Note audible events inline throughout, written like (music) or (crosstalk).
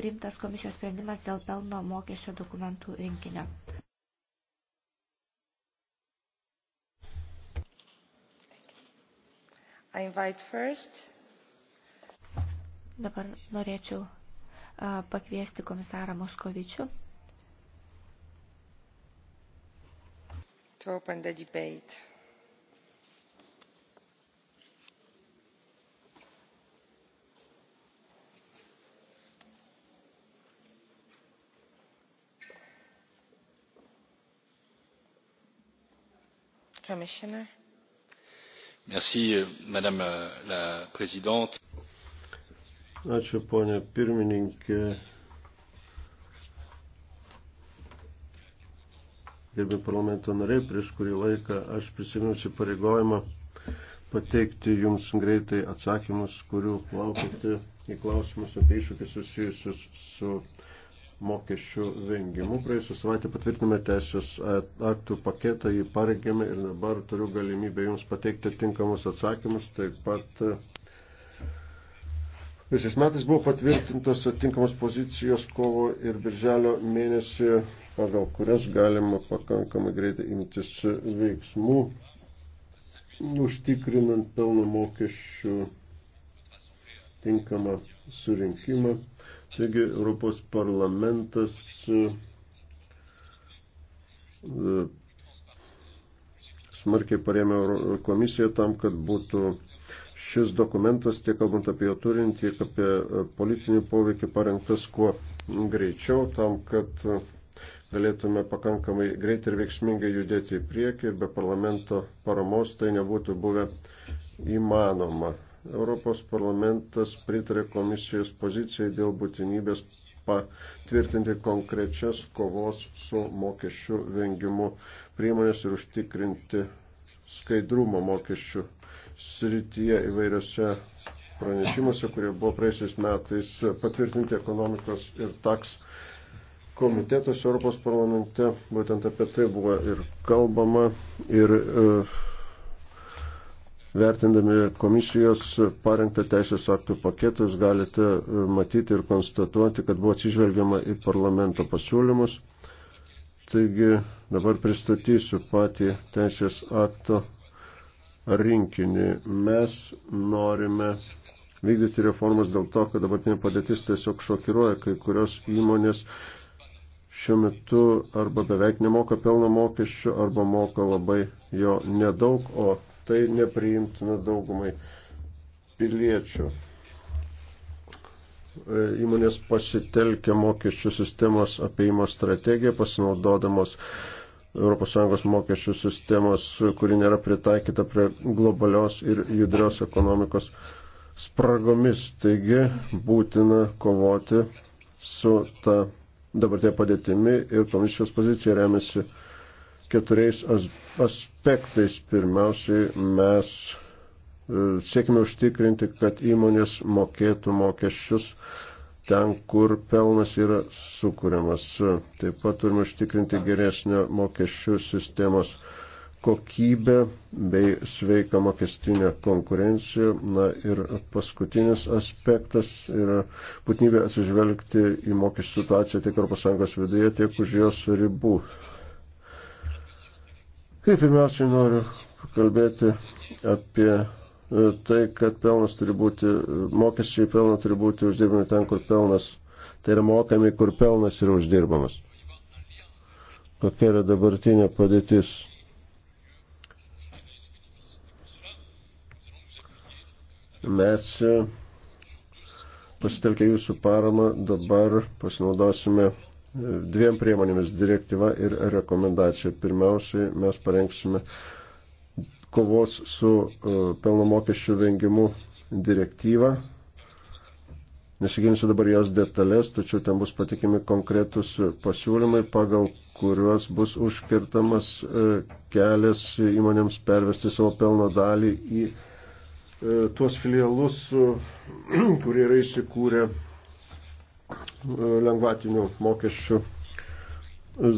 priimtas komisijos sprendimas dėl pelno mokesčio dokumentų rinkinio. I invite first. Dabar norėčiau pakviesti komisarą Moskovičių. To open the debate. Euh, madame euh, la présidente ačiū pone pirmininke gerbiami parlamento nariai prieš kurį laiką aš prisimenu įsipareigojimą pateikti jums greitai atsakymus kurių laukite į klausimus apie iššūkius susijusius su mokesčių vengimu. Praėjusią savaitę patvirtinome teisės aktų paketą, jį parengėme ir dabar turiu galimybę Jums pateikti tinkamus atsakymus. Taip pat visais metais buvo patvirtintos tinkamos pozicijos kovo ir birželio mėnesį, pagal kurias galima pakankamai greitai imtis veiksmų, užtikrinant pelno mokesčių tinkamą surinkimą Taigi Europos parlamentas e, smarkiai parėmė komisiją tam, kad būtų šis dokumentas, tiek kalbant apie jo turinį, tiek apie e, politinį poveikį parengtas kuo greičiau, tam, kad e, galėtume pakankamai greitai ir veiksmingai judėti į priekį ir be parlamento paramos tai nebūtų buvę įmanoma. Europos parlamentas pritarė komisijos pozicijai dėl būtinybės patvirtinti konkrečias kovos su mokesčių vengimu priemonės ir užtikrinti skaidrumą mokesčių srityje įvairiose pranešimuose, kurie buvo praeisiais metais patvirtinti ekonomikos ir taks komitetas Europos parlamente. Būtent apie tai buvo ir kalbama. Ir, uh, Vertindami komisijos parengtą teisės aktų paketą, jūs galite e, matyti ir konstatuoti, kad buvo atsižvelgiama į parlamento pasiūlymus. Taigi dabar pristatysiu patį teisės akto rinkinį. Mes norime vykdyti reformas dėl to, kad dabartinė padėtis tiesiog šokiruoja kai kurios įmonės šiuo metu arba beveik nemoka pelno mokesčių, arba moka labai jo nedaug, o tai nepriimtina daugumai piliečių. E, įmonės pasitelkia mokesčių sistemos apieimo strategiją, pasinaudodamos ES mokesčių sistemos, kuri nėra pritaikyta prie globalios ir judrios ekonomikos spragomis. Taigi būtina kovoti su ta dabartė padėtimi ir komisijos pozicija remiasi keturiais aspektais. Pirmiausiai mes e, siekime užtikrinti, kad įmonės mokėtų mokesčius ten, kur pelnas yra sukūriamas. Taip pat turime užtikrinti geresnio mokesčių sistemos kokybę bei sveiką mokestinę konkurenciją. Na ir paskutinis aspektas yra būtinybė atsižvelgti į mokesčių situaciją tiek Europos Sąjungos viduje, tiek už jos ribų. Kaip pirmiausiai noriu kalbėti apie e, tai, kad pelnas turi būti, mokesčiai pelno turi būti uždirbami ten, kur pelnas, tai yra mokami, kur pelnas yra uždirbamas. Kokia yra dabartinė padėtis? Mes e, pasitelkę jūsų paramą dabar pasinaudosime dviem priemonėmis - direktyva ir rekomendacija. Pirmiausiai mes parengsime kovos su e, pelno mokesčių vengimu direktyvą. Nesiginsiu dabar jos detalės, tačiau ten bus patikimi konkretus pasiūlymai, pagal kuriuos bus užkirtamas e, kelias įmonėms pervesti savo pelno dalį į e, tuos filialus, (clears throat) kurie yra įsikūrę lengvatinių mokesčių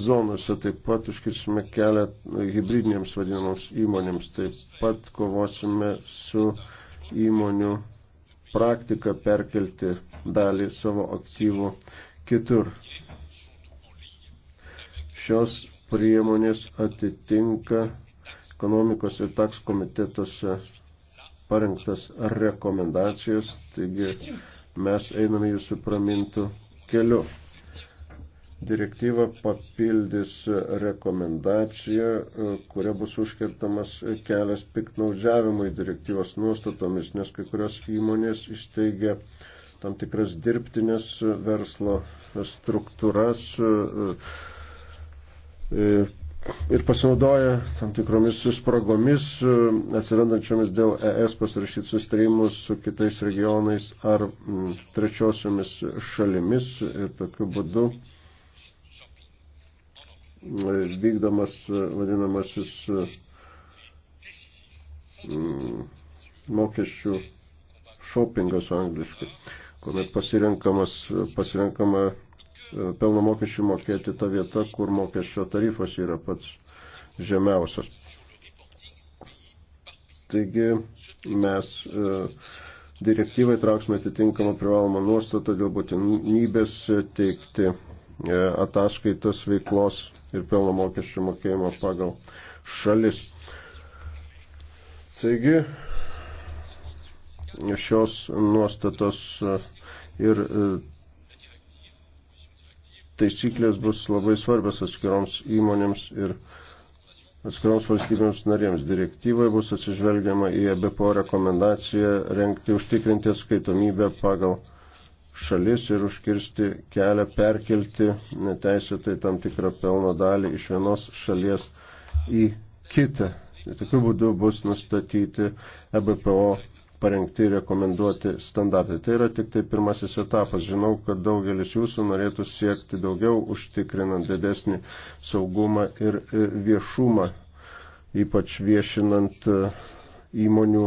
zonose. Taip pat užkirsime kelią hybridinėms vadinamoms įmonėms. Taip pat kovosime su įmonių praktika perkelti dalį savo aktyvų kitur. Šios priemonės atitinka ekonomikos ir taks komitetuose parengtas rekomendacijas, taigi mes einame jūsų pramintų keliu. Direktyva papildys rekomendaciją, kuria bus užkirtamas kelias piknaudžiavimui direktyvos nuostatomis, nes kai kurios įmonės įsteigia tam tikras dirbtinės verslo struktūras, ir pasinaudoja tam tikromis spragomis e, atsirandančiomis dėl ES pasirašyti sustarimus su kitais regionais ar trečiosiomis šalimis ir tokiu būdu e, vykdomas e, vadinamasis mokesčių shoppingas angliškai, kuomet pasirenkama E, pelno mokesčių mokėti ta vieta, kur mokesčio tarifas yra pats žemiausias. Taigi mes e, direktyvai trauksime atitinkamą privalomą nuostatą dėl būtinybės teikti e, ataskaitas veiklos ir pelno mokesčių mokėjimo pagal šalis. Taigi, šios nuostatos ir taisyklės bus labai svarbios atskiroms įmonėms ir atskiroms valstybėms narėms. Direktyvai bus atsižvelgiama į EBPO rekomendaciją renkti užtikrinti skaitomybę pagal šalis ir užkirsti kelią perkelti neteisėtai tam tikrą pelno dalį iš vienos šalies į kitą. Tai tokiu būdu bus nustatyti EBPO parengti rekomenduoti standartai. Tai yra tik tai pirmasis etapas. Žinau, kad daugelis jūsų norėtų siekti daugiau, užtikrinant didesnį saugumą ir e, viešumą, ypač viešinant e, įmonių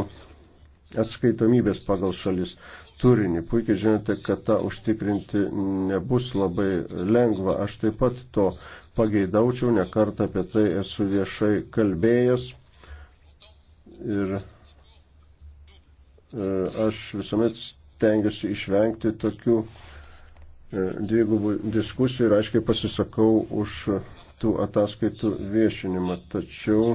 atskaitomybės pagal šalis turinį. Puikiai žinote, kad tą užtikrinti nebus labai lengva. Aš taip pat to pageidaučiau, nekart apie tai esu viešai kalbėjęs. Ir E, aš visuomet stengiuosi išvengti tokių e, dvigubų diskusijų ir aiškiai pasisakau už tų ataskaitų viešinimą. Tačiau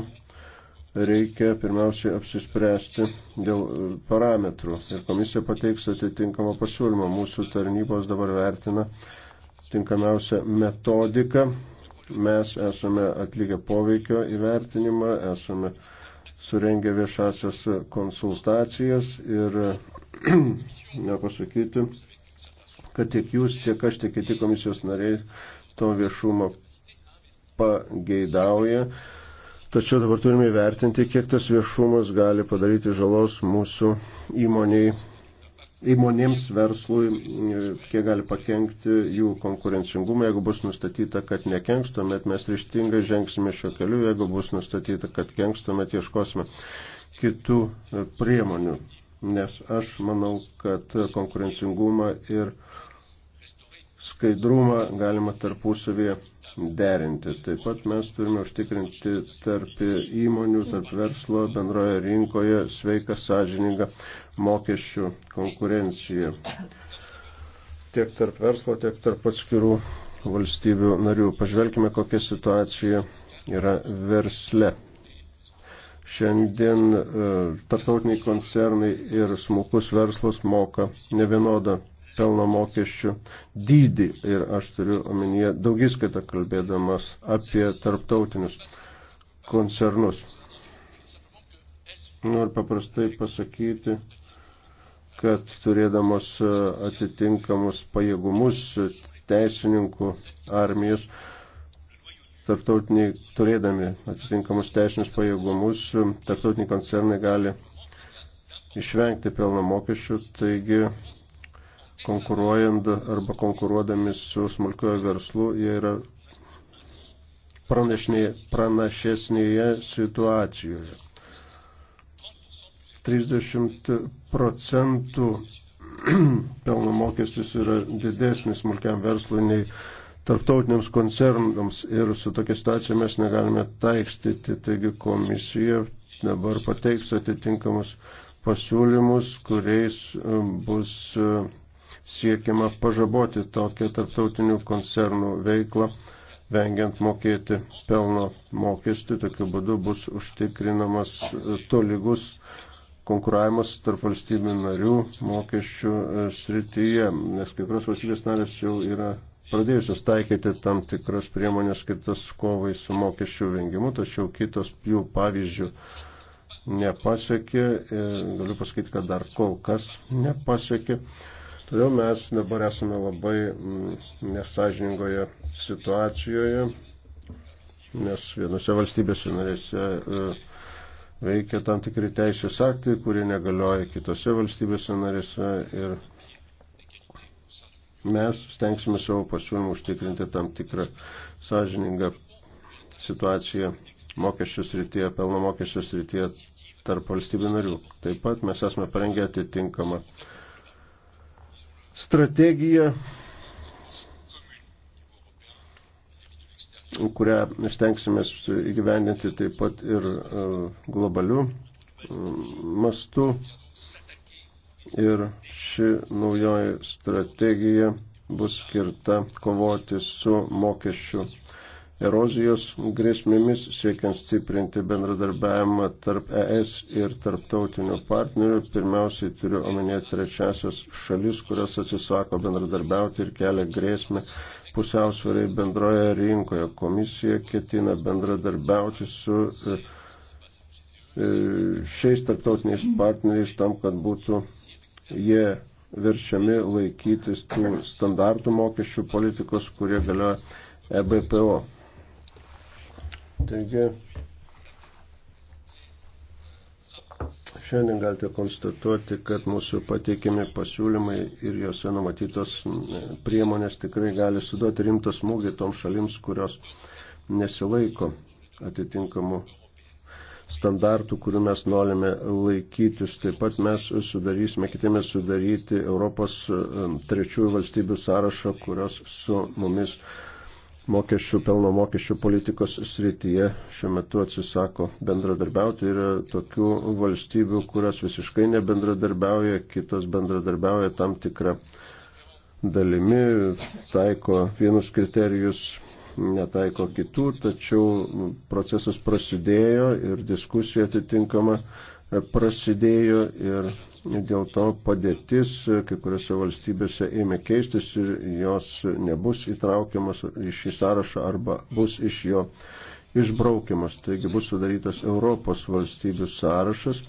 reikia pirmiausiai apsispręsti dėl parametrų. Ir komisija pateiks atitinkamą pasiūlymą. Mūsų tarnybos dabar vertina tinkamiausią metodiką. Mes esame atlikę poveikio įvertinimą, esame uh, surengė viešasias konsultacijas ir (clears throat) nepasakyti, kad tiek jūs, tiek aš, tiek kiti komisijos nariai to viešumo pageidauja. Tačiau dabar turime įvertinti, kiek tas viešumas gali padaryti žalos mūsų įmoniai įmonėms verslui, kiek gali pakengti jų konkurencingumą, jeigu bus nustatyta, kad nekenks, tuomet mes ryštingai žengsime šio keliu, jeigu bus nustatyta, kad kenks, tuomet ieškosime kitų priemonių. Nes aš manau, kad konkurencingumą ir skaidrumą galima tarpusavėje derinti. Taip pat mes turime užtikrinti tarp įmonių, tarp verslo bendroje rinkoje sveiką, sąžiningą mokesčių konkurenciją. Tiek tarp verslo, tiek tarp atskirų valstybių narių. Pažvelkime, kokia situacija yra versle. Šiandien e, tarptautiniai koncernai ir smulkus verslas moka nevienodą pelno mokesčių dydį ir aš turiu omenyje daugiskaitą kalbėdamas apie tarptautinius koncernus. Noriu paprastai pasakyti, kad turėdamos atitinkamus pajėgumus teisininkų armijos, tarptautiniai, turėdami atitinkamus teisinius pajėgumus, tarptautiniai koncernai gali išvengti pelno mokesčių, taigi konkuruojant arba konkuruodami su smulkiuoju verslu, jie yra pranašesnėje situacijoje. 30 procentų (clears throat) pelno mokestis yra didesnis smulkiam verslui nei tarptautiniams koncernams ir su tokia situacija mes negalime taikstyti. Taigi komisija dabar pateiks atitinkamus pasiūlymus, kuriais e, bus e, siekiama pažaboti tokią tarptautinių koncernų veiklą, vengiant mokėti pelno mokestį. Tokiu būdu bus užtikrinamas tolygus konkuravimas tarp valstybių narių mokesčių e, srityje, nes kai kurios valstybės narės jau yra pradėjusios taikyti tam tikras priemonės skirtas kovai su mokesčių vengimu, tačiau kitos jų pavyzdžių nepasiekė, e, galiu pasakyti, kad dar kol kas nepasiekė. Todėl mes dabar esame labai mm, nesažiningoje situacijoje, nes vienose valstybėse narėse e, veikia tam tikri teisės aktai, kurie negalioja kitose valstybėse narėse ir mes stengsime savo pasiūlymą užtikrinti tam tikrą sažiningą situaciją mokesčių srityje, pelno mokesčių srityje tarp valstybių narių. Taip pat mes esame parengę atitinkamą strategija, kurią stengsime įgyvendinti taip pat ir e, globaliu mastu. Ir ši naujoji strategija bus skirta kovoti su mokesčių erozijos grėsmėmis, siekiant stiprinti bendradarbiavimą tarp ES ir tarptautinių partnerių. Pirmiausiai turiu omenyje trečiasias šalis, kurios atsisako bendradarbiauti ir kelia grėsmę pusiausvėrai bendroje rinkoje. Komisija ketina bendradarbiauti su e, e, šiais tarptautiniais partneriais tam, kad būtų jie verčiami laikytis tų standartų mokesčių politikos, kurie galioja EBPO. Taigi, šiandien galite konstatuoti, kad mūsų pateikimi pasiūlymai ir juose numatytos e, priemonės tikrai gali suduoti rimtą smūgį toms šalims, kurios nesilaiko atitinkamų standartų, kurių mes norime laikytis. Taip pat mes sudarysime, kitėme sudaryti Europos e, trečiųjų valstybių sąrašą, kurios su mumis mokesčių, pelno mokesčių politikos srityje šiuo metu atsisako bendradarbiauti. Yra tokių valstybių, kurios visiškai nebendradarbiauja, kitos bendradarbiauja tam tikrą dalimi, taiko vienus kriterijus, netaiko kitų, tačiau procesas prasidėjo ir diskusija atitinkama prasidėjo ir dėl to padėtis e, kai kuriuose valstybėse ėmė keistis ir jos nebus įtraukiamas į šį sąrašą arba bus iš jo išbraukiamas. Taigi bus sudarytas Europos valstybių sąrašas.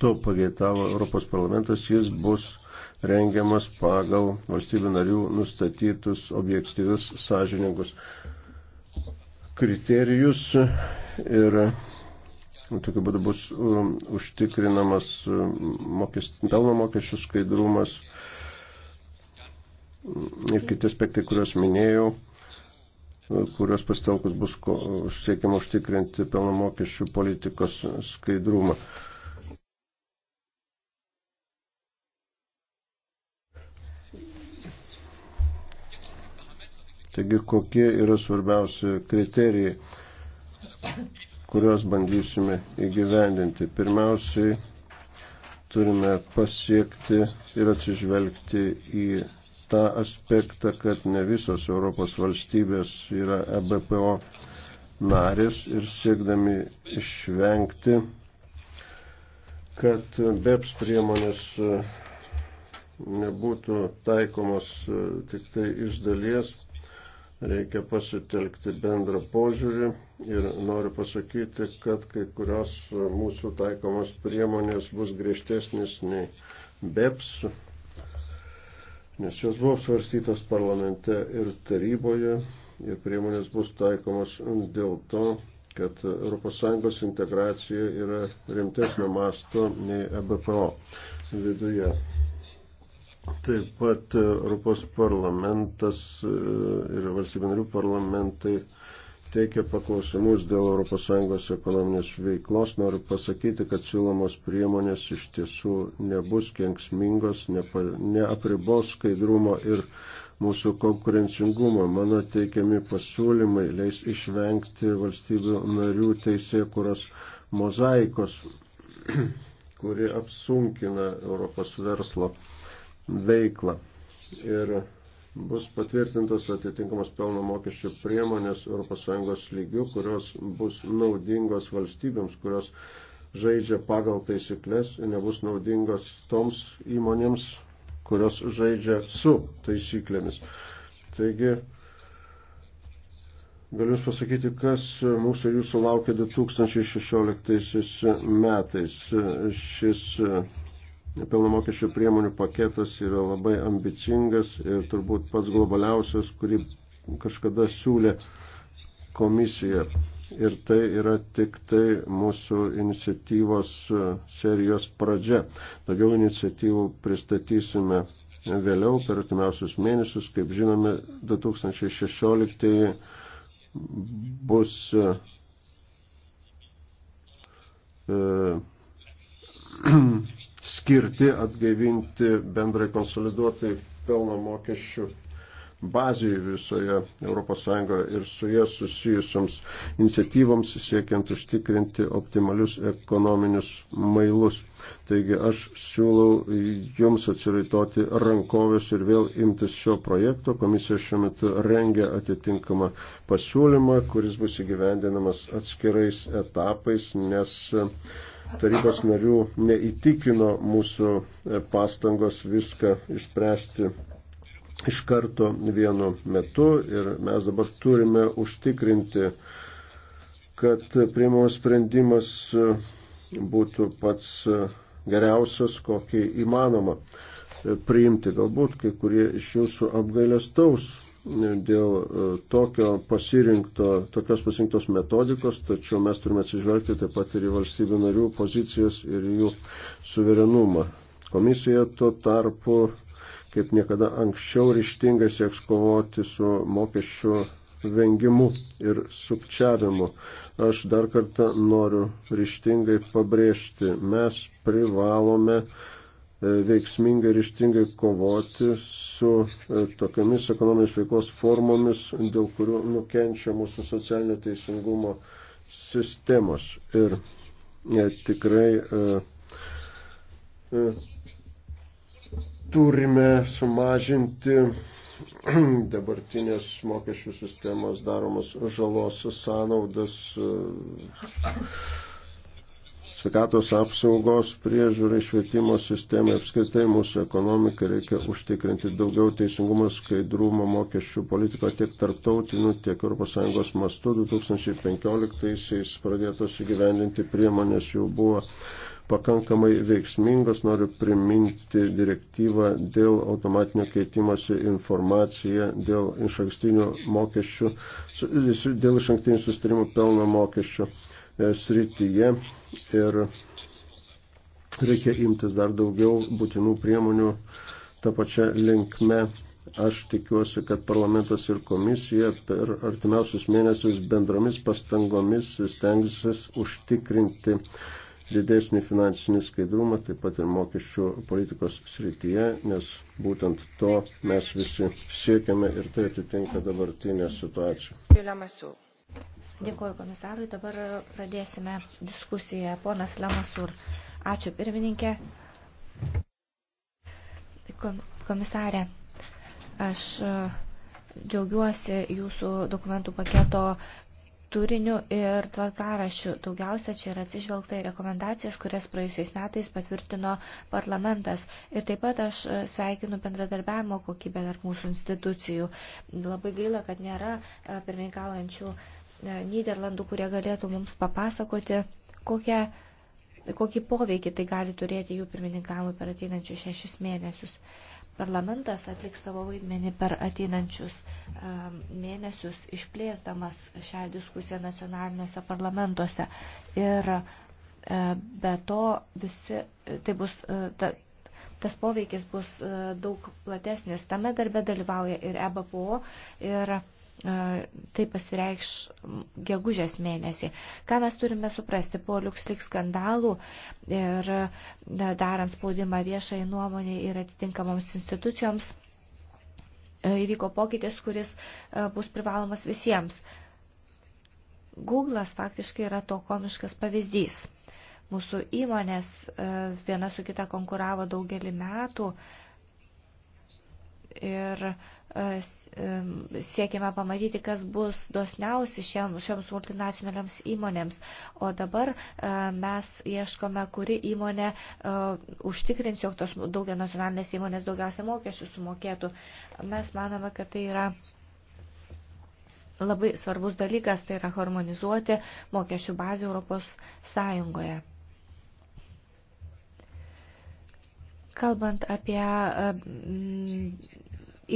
To pageitavo Europos parlamentas, jis bus rengiamas pagal valstybių narių nustatytus objektyvius sąžiningus kriterijus ir Nu, tokiu būdu bus um, užtikrinamas um, mokest, pelno mokesčių skaidrumas ir kiti aspektai, kuriuos minėjau, uh, kuriuos pastelkus bus siekiama užtikrinti pelno mokesčių politikos skaidrumą. Taigi, kokie yra svarbiausi kriterijai? kuriuos bandysime įgyvendinti. Pirmiausiai turime pasiekti ir atsižvelgti į tą aspektą, kad ne visos Europos valstybės yra EBPO narės ir siekdami išvengti, kad BEPS priemonės e, nebūtų taikomos e, tik tai iš dalies reikia pasitelkti bendrą požiūrį ir noriu pasakyti, kad kai kurios mūsų taikomos priemonės bus griežtesnis nei BEPS, nes jos buvo svarstytos parlamente ir taryboje ir priemonės bus taikomos dėl to, kad ES integracija yra rimtesnio masto nei EBPO viduje. Taip pat e, Europos parlamentas e, ir valstybių narių parlamentai teikia paklausimus dėl ES ekonominės veiklos. Noriu pasakyti, kad siūlomos priemonės iš tiesų nebus kenksmingos, nepa, neapribos skaidrumo ir mūsų konkurencingumo. Mano teikiami pasiūlymai leis išvengti valstybių narių teisė, kurios mozaikos, (clears throat) kuri apsunkina Europos verslo veiklą. Ir bus patvirtintos atitinkamos pelno mokesčio priemonės ES lygių, kurios bus naudingos valstybėms, kurios žaidžia pagal taisyklės ir nebus naudingos toms įmonėms, kurios žaidžia su taisyklėmis. Taigi, galiu Jūs pasakyti, kas mūsų jūsų laukia 2016 metais. Šis pelno mokesčio priemonių paketas yra labai ambicingas ir turbūt pats globaliausias, kurį kažkada siūlė komisija. Ir tai yra tik tai mūsų iniciatyvos e, serijos pradžia. Daugiau iniciatyvų pristatysime vėliau per atimiausius mėnesius. Kaip žinome, 2016 bus e, e (clears throat) skirti atgaivinti bendrai konsoliduotai pelno mokesčių bazėje visoje ES ir su jie susijusioms iniciatyvoms siekiant užtikrinti optimalius ekonominius mailus. Taigi aš siūlau jums atsiraitoti rankovės ir vėl imtis šio projekto. Komisija šiuo metu rengia atitinkamą pasiūlymą, kuris bus įgyvendinamas atskirais etapais, nes tarybos narių neįtikino mūsų e, pastangos viską išspręsti iš karto vienu metu ir mes dabar turime užtikrinti, kad priimamas sprendimas e, būtų pats e, geriausias, kokį įmanoma priimti. Galbūt kai kurie iš jūsų apgailestaus dėl e, tokio pasirinkto, tokios pasirinktos metodikos, tačiau mes turime atsižvelgti taip pat ir į valstybių narių pozicijas ir jų suverenumą. Komisija tuo tarpu, kaip niekada anksčiau, ryštingai sieks kovoti su mokesčių vengimu ir sukčiavimu. Aš dar kartą noriu ryštingai pabrėžti, mes privalome uh, E, veiksmingai ir ištingai kovoti su e, tokiamis ekonominės veiklos formomis, dėl kurių nukenčia mūsų socialinio teisingumo sistemos. Ir e, tikrai turime sumažinti (clears throat) dabartinės mokesčių sistemos daromos žalos sąnaudas sveikatos apsaugos priežiūrai, švietimo sistemai, apskritai mūsų ekonomikai reikia užtikrinti daugiau teisingumo skaidrumo mokesčių politiką tiek tarptautinių, tiek ES mastu. 2015-aisiais pradėtos įgyvendinti priemonės jau buvo pakankamai veiksmingos. Noriu priminti direktyvą dėl automatinio keitimosi informacija, dėl išankstinių mokesčių, dėl išankstinių sustarimų pelno mokesčių E, srityje ir reikia imtis dar daugiau būtinų priemonių tą pačią linkme. Aš tikiuosi, kad parlamentas ir komisija per artimiausius mėnesius bendromis pastangomis stengsis užtikrinti didesnį finansinį skaidrumą, taip pat ir mokesčių politikos srityje, nes būtent to mes visi siekiame ir tai atitinka dabartinę situaciją. Dėkuoju komisarui. Dabar pradėsime diskusiją. Ponas Lemasur. Ačiū pirmininkė. Komisarė, aš e, džiaugiuosi jūsų dokumentų paketo turiniu ir tvarkarašiu. Daugiausia čia yra atsižvelgta į rekomendacijas, kurias praėjusiais metais patvirtino parlamentas. Ir taip pat aš e, sveikinu bendradarbiavimo kokybę tarp mūsų institucijų. Labai gaila, kad nėra e, pirmininkaujančių E, Niderlandų, kurie galėtų mums papasakoti, kokią, kokį poveikį tai gali turėti jų pirmininkavimui per ateinančius šešis mėnesius. Parlamentas atliks savo vaidmenį per ateinančius um, mėnesius, išplėsdamas šią diskusiją nacionaliniuose parlamentuose. Ir e, be to visi, tai bus, ta, tas poveikis bus daug platesnis. Tame darbe dalyvauja ir EBPO, ir tai pasireikš gegužės mėnesį. Ką mes turime suprasti po liukslik skandalų ir darant spaudimą viešai nuomonį ir atitinkamoms institucijoms e, įvyko pokytis, kuris e, bus privalomas visiems. Google'as faktiškai yra to komiškas pavyzdys. Mūsų įmonės e, viena su kita konkuravo daugelį metų ir siekiame pamatyti, kas bus dosniausi šiems, šiems multinacionaliams įmonėms. O dabar e, mes ieškome, kuri įmonė e, užtikrins, jog tos daugia nacionalinės įmonės daugiausia mokesčių sumokėtų. Mes manome, kad tai yra labai svarbus dalykas, tai yra harmonizuoti mokesčių bazę Europos Sąjungoje. Kalbant apie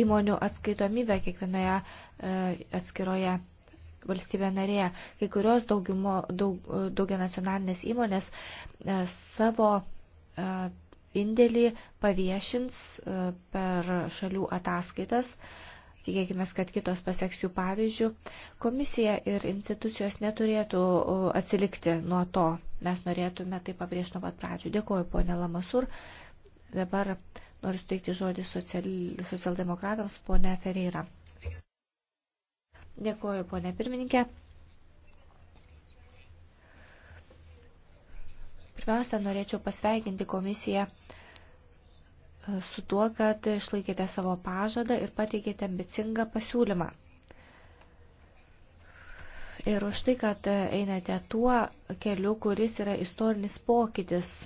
įmonių atskaitomybę kiekvienoje e, atskiroje valstybė narėje. Kai kurios daugiumo, daug, e, daugia nacionalinės įmonės e, savo indėlį paviešins per šalių ataskaitas. Tikėkime, kad kitos paseks jų pavyzdžių. Komisija ir institucijos neturėtų atsilikti nuo to. Mes norėtume tai pabrėžti nuo pat pradžių. Dėkuoju, ponė Lamasur. Dabar Noriu suteikti žodį social, socialdemokratams, ponia Ferreira. Dėkuoju, ponia pirmininkė. Pirmiausia, norėčiau pasveikinti komisiją e, su tuo, kad išlaikėte savo pažadą ir pateikėte ambicingą pasiūlymą. Ir už tai, kad einate tuo keliu, kuris yra istorinis pokytis –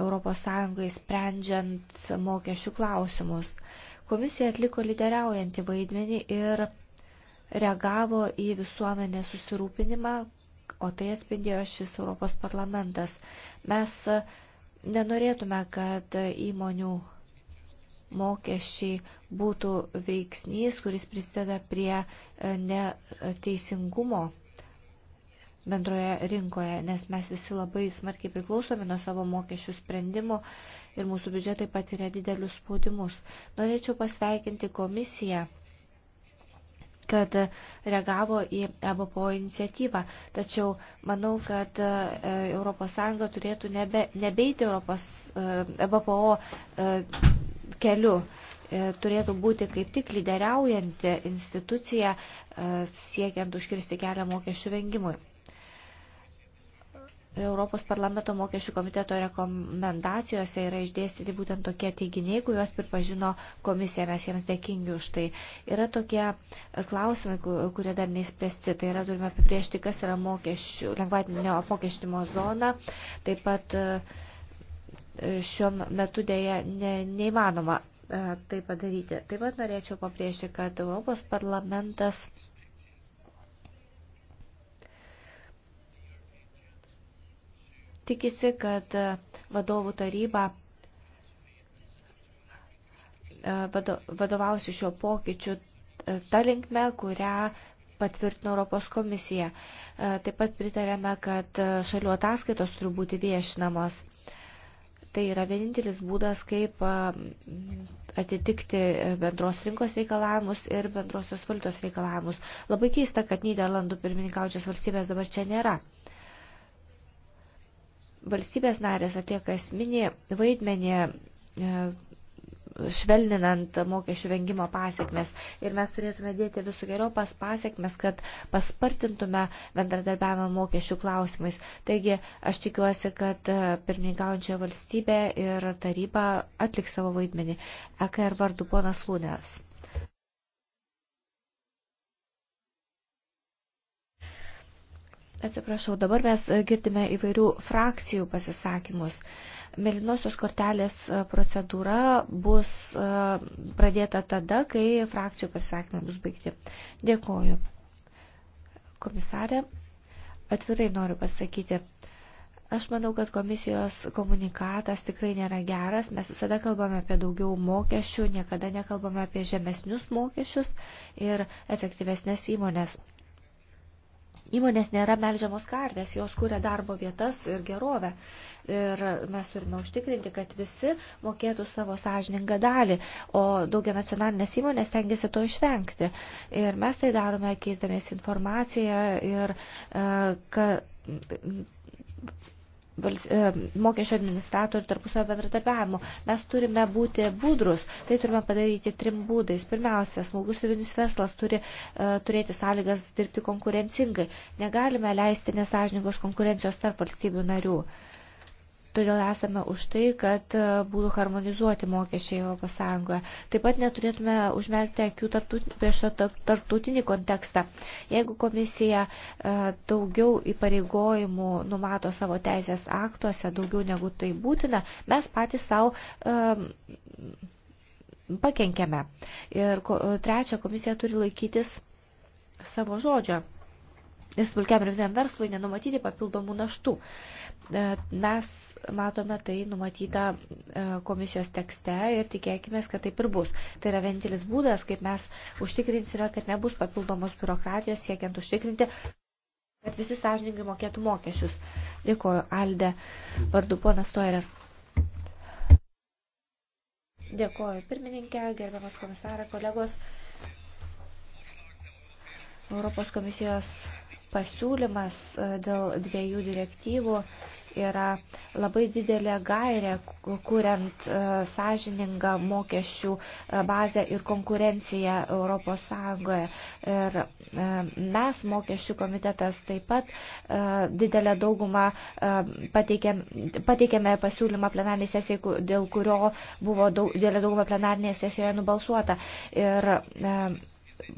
ES sprendžiant mokesčių klausimus. Komisija atliko lyderiaujantį vaidmenį ir reagavo į visuomenę susirūpinimą, o tai atspindėjo šis Europos parlamentas. Mes nenorėtume, kad įmonių mokesčiai būtų veiksnys, kuris prisideda prie neteisingumo bendroje rinkoje, nes mes visi labai smarkiai priklausome nuo savo mokesčių sprendimų ir mūsų biudžetai patiria didelius spaudimus. Norėčiau pasveikinti komisiją kad reagavo į EBPO iniciatyvą. Tačiau manau, kad ES turėtų nebe, nebeiti Europos, EBPO e e, keliu e, turėtų būti kaip tik lyderiaujanti institucija siekiant užkirsti kelią mokesčių vengimui. Europos parlamento mokesčių komiteto rekomendacijose yra išdėstyti būtent tokie teiginiai, kuriuos pripažino komisija, mes jiems dėkingi už tai. Yra tokie klausimai, kurie dar neįspręsti, tai yra turime apibriežti, kas yra mokesčių, lengvatinio apmokestinimo zona, taip pat e, šiuo metu dėja ne, neįmanoma e, tai padaryti. Taip pat norėčiau pabrėžti, kad Europos parlamentas tikisi, kad e, vadovų taryba e, vadovausi šio pokyčiu e, tą linkmę, kurią patvirtino Europos komisija. Taip pat pritarėme, kad šalių ataskaitos turi būti viešinamos. Tai yra vienintelis būdas, kaip atitikti bendros rinkos reikalavimus ir bendrosios valiutos reikalavimus. Labai keista, kad Niderlandų pirmininkaučios valstybės dabar čia nėra. Valstybės narės atlieka esminį vaidmenį e, švelninant mokesčių vengimo pasiekmes. Ir mes turėtume dėti visų geriopas pasiekmes, kad paspartintume bendradarbiavimą mokesčių klausimais. Taigi aš tikiuosi, kad e, pirmininkaujančia valstybė ir taryba atliks savo vaidmenį. EKR vardu ponas Lūnės. Atsiprašau, dabar mes e, girdime įvairių frakcijų pasisakymus. Melinosios kortelės e, procedūra bus e, pradėta tada, kai frakcijų pasisakymai bus baigti. Dėkoju. Komisarė, atvirai noriu pasakyti, Aš manau, kad komisijos komunikatas tikrai nėra geras. Mes visada kalbame apie daugiau mokesčių, niekada nekalbame apie žemesnius mokesčius ir efektyvesnės įmonės. Įmonės nėra melžiamos karvės, jos kūrė darbo vietas ir gerovę. Ir mes turime užtikrinti, kad visi mokėtų savo sąžiningą dalį, o daugia nacionalinės įmonės tengiasi to išvengti. Ir mes tai darome keisdamės informaciją ir e, ka, E, mokesčio administratorių tarpusavio bendradarbiavimo. Mes turime būti budrus, tai turime padaryti trim būdais. Pirmiausia, smaugus ir vidus verslas turi uh, turėti sąlygas dirbti konkurencingai. Negalime leisti nesažininkos konkurencijos tarp valstybių narių. Uh, Todėl esame už tai, kad e, būtų harmonizuoti mokesčiai ES. Taip pat neturėtume užmerkti akių prieš tarptautinį kontekstą. Jeigu komisija e, daugiau įpareigojimų numato savo teisės aktuose, daugiau negu tai būtina, mes patys savo e, pakenkiame. Ir trečia, komisija turi laikytis savo žodžio. Ir smulkiam ir vidiniam verslui nenumatyti papildomų naštų. E, mes matome tai numatyta e, komisijos tekste ir tikėkime, kad taip ir bus. Tai yra vienintelis būdas, kaip mes užtikrinsime, kad nebus papildomos biurokratijos siekiant užtikrinti kad visi sąžininkai mokėtų mokesčius. Dėkuoju, Alde, vardu ponas Toirer. Dėkuoju, pirmininkė, gerbiamas komisarą, kolegos, Europos komisijos pasiūlymas e, dėl dviejų direktyvų yra labai didelė gairė, kuriant e, sąžiningą mokesčių e, bazę ir konkurenciją Europos Sąjungoje. Ir mes, mokesčių komitetas, taip pat didelę daugumą pateikėme pasiūlymą plenarniai sesijai, dėl kurio buvo daug, didelė dauguma plenarnėje sesijoje nubalsuota. Ir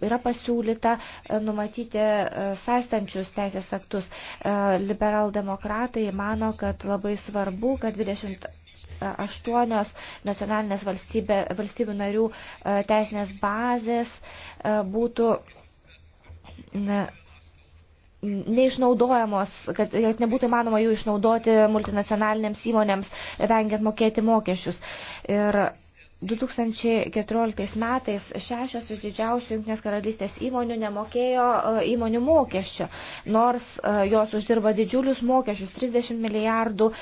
yra pasiūlyta e, numatyti e, saistančius teisės aktus. E, liberaldemokratai mano, kad labai svarbu, kad 20 aštuonios nacionalinės valstybė, valstybių narių teisinės bazės būtų neišnaudojamos, kad, kad nebūtų įmanoma jų išnaudoti multinacionalinėms įmonėms, vengiant mokėti mokesčius. Ir 2014 metais šešios iš didžiausių Junktinės karalystės įmonių nemokėjo e, įmonių mokesčio, nors e, jos uždirba didžiulius mokesčius - 30 milijardų e,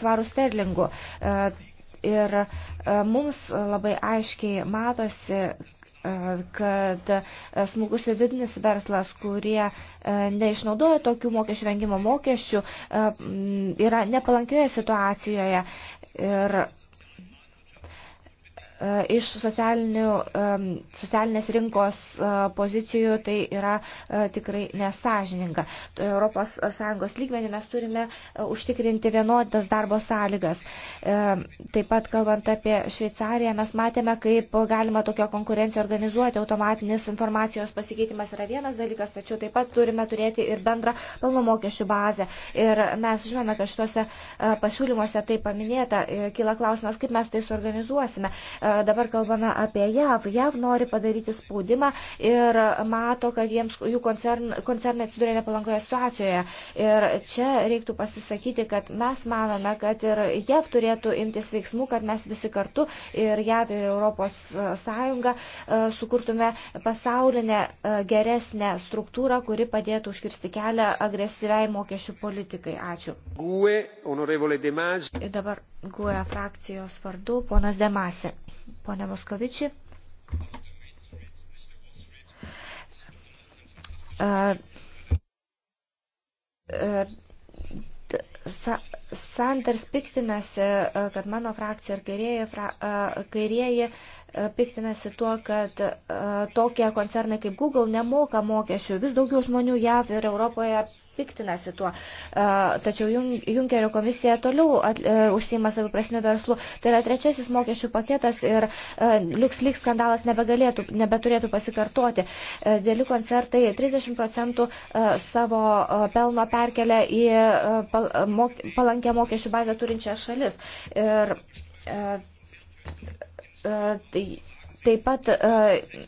svarų sterlingų. Ir mums labai aiškiai matosi, kad smūgus ir vidinis verslas, kurie neišnaudoja tokių mokesčių vengimo mokesčių, yra nepalankioje situacijoje. Ir E, iš e, socialinės rinkos e, pozicijų tai yra tikrai nesažininga. ES lygmenį mes turime užtikrinti vienodas darbo sąlygas. Taip pat kalbant apie Šveicariją, mes matėme, kaip galima tokią konkurenciją organizuoti. Automatinis informacijos pasikeitimas yra vienas dalykas, tačiau taip pat turime turėti ir bendrą pelno mokesčių bazę. Ir mes žinome, kad šituose pasiūlymuose tai paminėta, kyla klausimas, kaip mes tai suorganizuosime dabar kalbame apie JAV. JAV nori padaryti spaudimą ir mato, kad jiems, jų koncern, koncernai atsiduria nepalankoje situacijoje. Ir čia reiktų pasisakyti, kad mes manome, kad ir JAV turėtų imtis veiksmų, kad mes visi kartu ir JAV ir Europos Sąjunga e, sukurtume pasaulinę e, geresnę struktūrą, kuri padėtų užkirsti kelią agresyviai mokesčių politikai. Ačiū. GUE, honorevole Demazi. Ir dabar GUE frakcijos vardu, ponas Demasi ponia Moskovičiai. Sanders piktinasi, kad mano frakcija ir kairieji, fra, kairieji piktinasi tuo, kad tokie koncernai kaip Google nemoka mokesčių. Vis daugiau žmonių JAV ir Europoje piktinasi tuo. Tačiau Junkerio komisija toliau e, užsima savo prasme verslu. Tai yra trečiasis mokesčių paketas ir e, LuxLeaks skandalas nebegalėtų, nebeturėtų pasikartoti. E, Dėlių koncertai 30 procentų savo pelno perkelia į palankę mokesčių bazę turinčią šalis. Ir, Tai Taip pat e,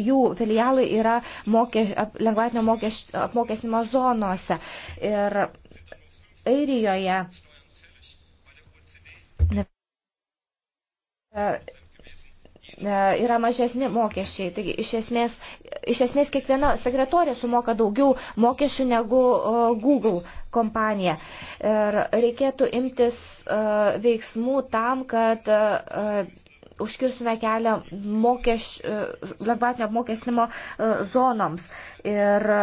jų filialai yra mokė, lengvatinio mokės, apmokesnimo zonose. Ir Airijoje e, e, yra mažesni mokesčiai. Taigi, iš esmės, iš esmės kiekviena sekretorė sumoka daugiau mokesčių negu Google kompanija. Ir reikėtų imtis veiksmų tam, kad užkirsime kelią mokeš, e, lengvatinio apmokestinimo e, zonoms. Ir e,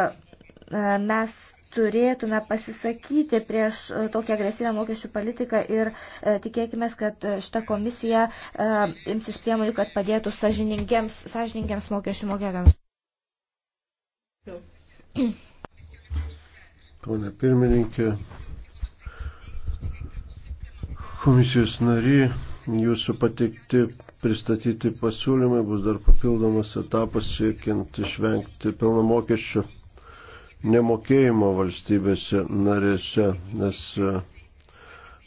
mes turėtume pasisakyti prieš tokią agresyvę mokesčių politiką ir tikėkime, kad šita komisija imsis priemonių, kad padėtų sažiningiems, sažiningiems mokesčių mokėtams. Pone pirmininkė, komisijos nariai jūsų pateikti, pristatyti pasiūlymai bus dar papildomas etapas siekiant išvengti pelno mokesčių nemokėjimo valstybėse narėse, nes e,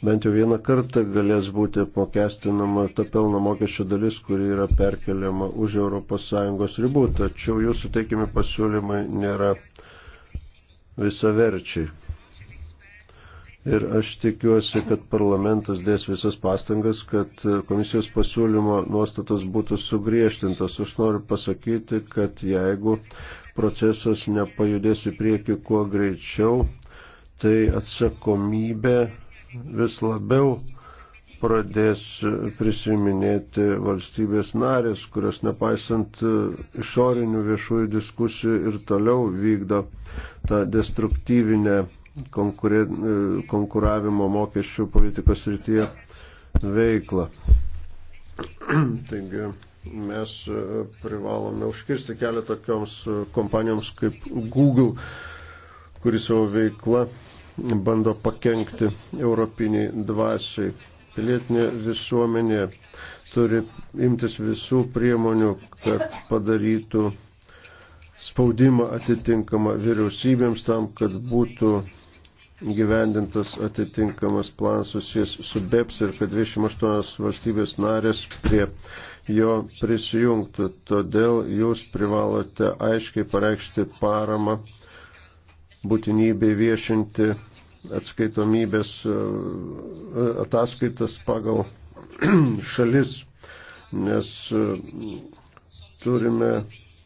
bent jau vieną kartą galės būti apmokestinama ta pelno mokesčio dalis, kuri yra perkeliama už ES ribų, tačiau jūsų teikiami pasiūlymai nėra visaverčiai. Ir aš tikiuosi, kad parlamentas dės visas pastangas, kad komisijos pasiūlymo nuostatos būtų sugriežtintos. Aš noriu pasakyti, kad jeigu procesas nepajudės į priekį kuo greičiau, tai atsakomybė vis labiau pradės prisiminėti valstybės narės, kurios nepaisant išorinių viešųjų diskusijų ir toliau vykdo tą destruktyvinę konkuren, konkuravimo mokesčių politikos srityje veiklą. (clears throat) Taigi mes e, privalome užkirsti kelią tokioms e, kompanijoms kaip Google, kuris savo veiklą bando pakengti europiniai dvasiai. Pilietinė visuomenė turi imtis visų priemonių, kad padarytų spaudimą atitinkamą vyriausybėms tam, kad būtų gyvendintas atitinkamas planas susijęs su BEPS ir kad 28 valstybės narės prie jo prisijungtų. Todėl jūs privalote aiškiai pareikšti paramą būtinybė viešinti atskaitomybės ataskaitas pagal (clears throat) šalis, nes turime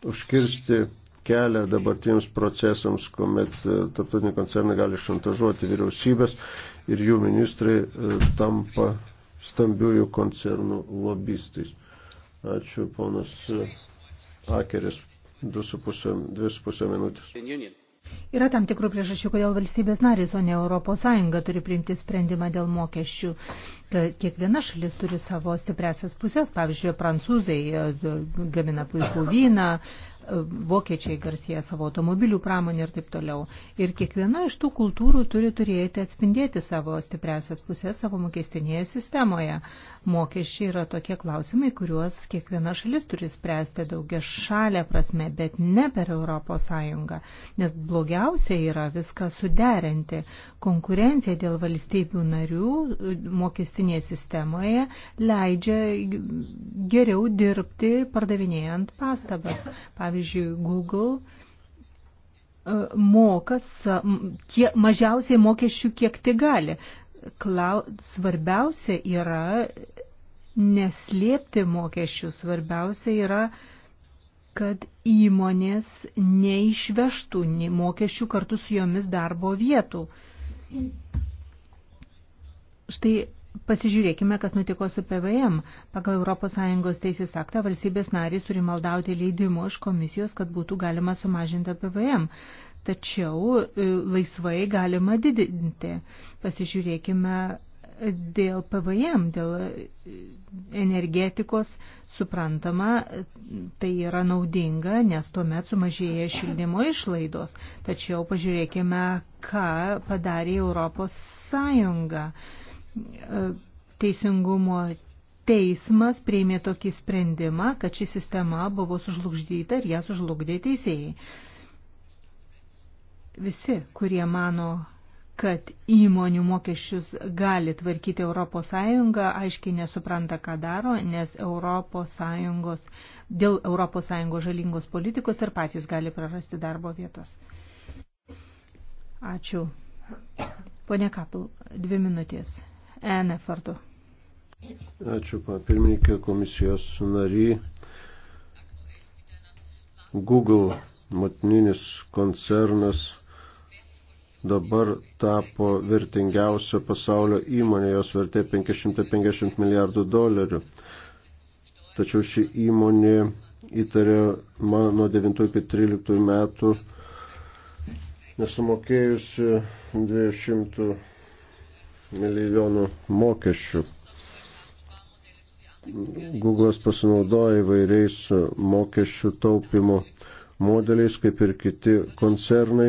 užkirsti kelią dabartiems procesams, kuomet e, tarptautiniai koncernai gali šantažuoti vyriausybės ir jų ministrai e, tampa stambiųjų koncernų lobistais. Ačiū, ponas e, Akeris, 2,5 minutės. Yra tam tikrų priežasčių, kodėl valstybės narys, o ne Europos Sąjunga turi priimti sprendimą dėl mokesčių. Kiekviena šalis turi savo stipresias pusės, pavyzdžiui, prancūzai gamina puikų vyną, vokiečiai garsėja savo automobilių pramonė ir taip toliau. Ir kiekviena iš tų kultūrų turi turėti atspindėti savo stipresias pusės savo mokestinėje sistemoje. Mokesčiai yra tokie klausimai, kuriuos kiekviena šalis turi spręsti daugia šalia prasme, bet ne per Europos Sąjungą. Nes blogiausia yra viską suderinti. Konkurencija dėl valstybių narių e, mokestinėje sistemoje leidžia geriau dirbti pardavinėjant pastabas. Pavyzdžiui, pavyzdžiui, Google e, mokas tie, mažiausiai mokesčių, kiek tai gali. Klau, svarbiausia yra neslėpti mokesčių, svarbiausia yra, kad įmonės neišvežtų mokesčių kartu su jomis darbo vietų. Štai Pasižiūrėkime, kas nutiko su PVM. Pagal ES teisės aktą valstybės narys turi maldauti leidimo iš komisijos, kad būtų galima sumažinti PVM. Tačiau e, laisvai galima didinti. Pasižiūrėkime e, dėl PVM, dėl e, energetikos, suprantama, tai yra naudinga, nes tuomet sumažėja šildymo išlaidos. Tačiau pažiūrėkime, ką padarė Europos Sąjunga. E, Teisingumo teismas prieimė tokį sprendimą, kad ši sistema buvo sužlugždyta ir ją sužlugdė teisėjai. Visi, kurie mano, kad įmonių mokesčius gali tvarkyti ES, aiškiai nesupranta, ką daro, nes ES, dėl ES žalingos politikos ir patys gali prarasti darbo vietos. Ačiū. Pone Kapil, dvi minutės. ENF e vardu. Ačiū, papirmininkė komisijos nary. Google motininis koncernas dabar tapo vertingiausia pasaulio įmonė, jos vertė 550 milijardų dolerių. Tačiau ši įmonė įtarė nuo 9 iki 13 metų nesumokėjusi 200 milijonų mokesčių. Google'as pasinaudoja įvairiais mokesčių taupimo modeliais, kaip ir kiti koncernai,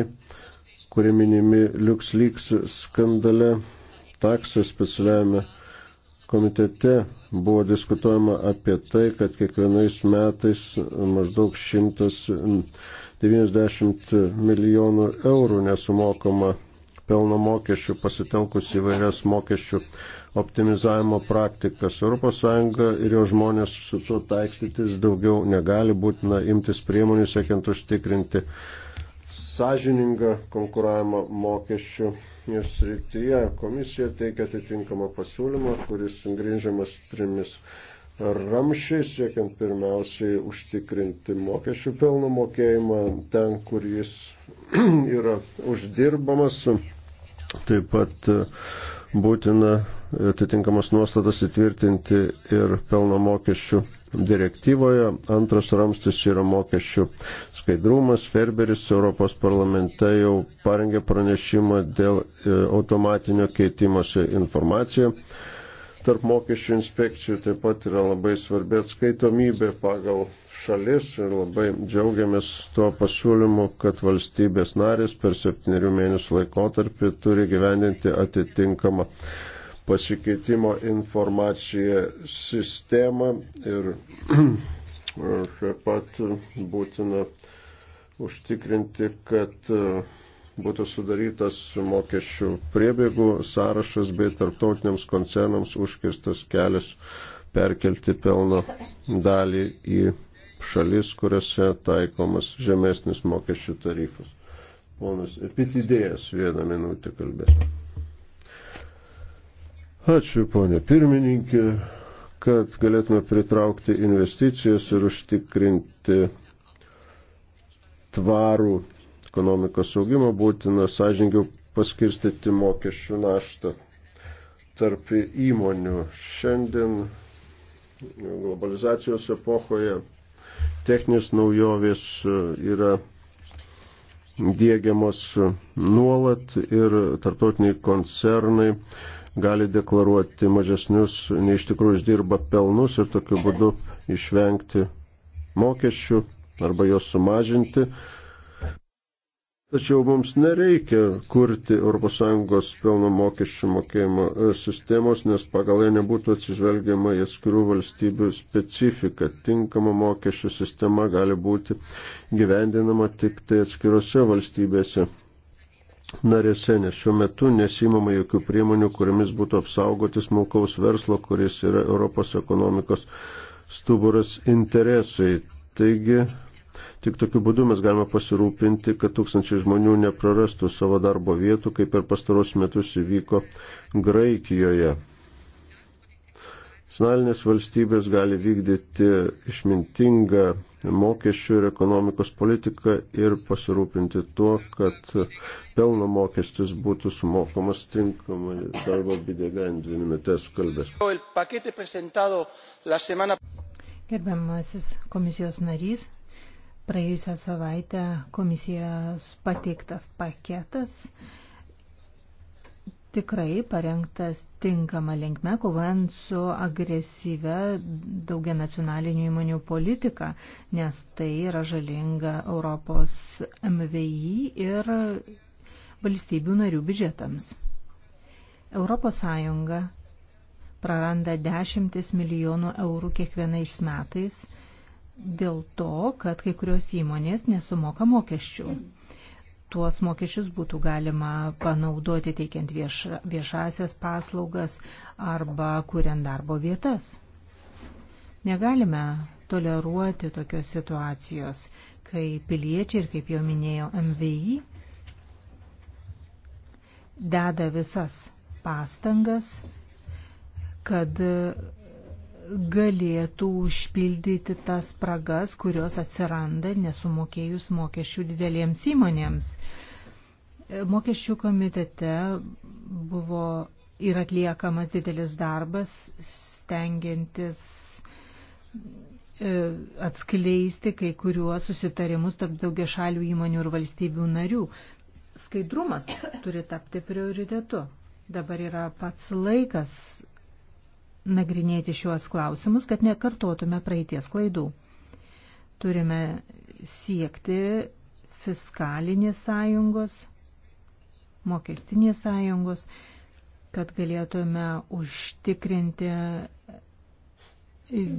kurie minimi LuxLeaks skandale, taksą specialiame komitete buvo diskutuojama apie tai, kad kiekvienais metais maždaug 190 milijonų eurų nesumokama pelno mokesčių, pasitelkus įvairias mokesčių optimizavimo praktikas. ES ir jo žmonės su tuo taikstytis daugiau negali būtina imtis priemonių, siekiant užtikrinti sąžiningą konkuravimą mokesčių srityje. Komisija teikia atitinkamą pasiūlymą, kuris grindžiamas trimis ramšiai, siekiant pirmiausiai užtikrinti mokesčių pelno mokėjimą ten, kur jis (clears throat) yra uždirbamas. Taip pat e, būtina atitinkamas nuostatas įtvirtinti ir pelno mokesčių direktyvoje. Antras ramstis yra mokesčių skaidrumas. Ferberis Europos parlamente jau parengė pranešimą dėl e, automatinio keitimosi informaciją tarp mokesčių inspekcijų taip pat yra labai svarbi atskaitomybė pagal šalis ir labai džiaugiamės tuo pasiūlymu, kad valstybės narės per septynerių mėnesių laikotarpį turi gyveninti atitinkamą pasikeitimo informaciją sistemą ir (clears throat) taip pat būtina užtikrinti, kad būtų sudarytas mokesčių priebėgų sąrašas bei tarptautiniams koncernams užkirstas kelias perkelti pelno dalį į šalis, kuriuose taikomas žemesnis mokesčių tarifas. Ponas Epitidėjas vieną minutę kalbės. Ačiū, ponė pirmininkė, kad galėtume pritraukti investicijas ir užtikrinti tvarų ekonomikos augimo būtina sąžingiau paskirstyti mokesčių naštą tarp įmonių. Šiandien globalizacijos epochoje techninės naujovės yra dėgiamos nuolat ir tarptautiniai koncernai gali deklaruoti mažesnius, nei iš tikrųjų uždirba pelnus ir tokiu būdu išvengti mokesčių arba juos sumažinti. Tačiau mums nereikia kurti ES pelno mokesčių mokėjimo e, sistemos, nes pagal ją nebūtų atsižvelgiama į atskirų valstybių specifiką. Tinkama mokesčių sistema gali būti gyvendinama tik tai atskirose valstybėse narėse, nes šiuo metu nesimama jokių priemonių, kuriamis būtų apsaugoti smulkaus verslo, kuris yra Europos ekonomikos stuburas interesai. Taigi Tik tokiu būdu mes galime pasirūpinti, kad tūkstančiai žmonių neprarastų savo darbo vietų, kaip per pastaros metus įvyko Graikijoje. Nacionalinės valstybės gali vykdyti išmintingą mokesčių ir ekonomikos politiką ir pasirūpinti tuo, kad pelno mokestis būtų sumokamas tinkamai darbo bidėgiant dvi minutės kalbės. Gerbiamasis komisijos narys, Praėjusią savaitę komisijos pateiktas paketas tikrai parengtas tinkama linkme, kovant su agresyve daugia nacionalinių įmonių politika, nes tai yra žalinga Europos MVI ir valstybių narių biudžetams. Europos Sąjunga praranda dešimtis milijonų eurų kiekvienais metais dėl to, kad kai kurios įmonės nesumoka mokesčių. Tuos mokesčius būtų galima panaudoti teikiant vieš, viešasias paslaugas arba kuriant darbo vietas. Negalime toleruoti tokios situacijos, kai piliečiai ir, kaip jau minėjo, MVI deda visas pastangas, kad galėtų užpildyti tas spragas, kurios atsiranda nesumokėjus mokesčių didelėms įmonėms. Mokesčių komitete buvo ir atliekamas didelis darbas, stengiantis e, atskleisti kai kuriuos susitarimus tarp daugia šalių įmonių ir valstybių narių. Skaidrumas turi tapti prioritetu. Dabar yra pats laikas nagrinėti šiuos klausimus, kad nekartotume praeities klaidų. Turime siekti fiskalinės sąjungos, mokestinės sąjungos, kad galėtume užtikrinti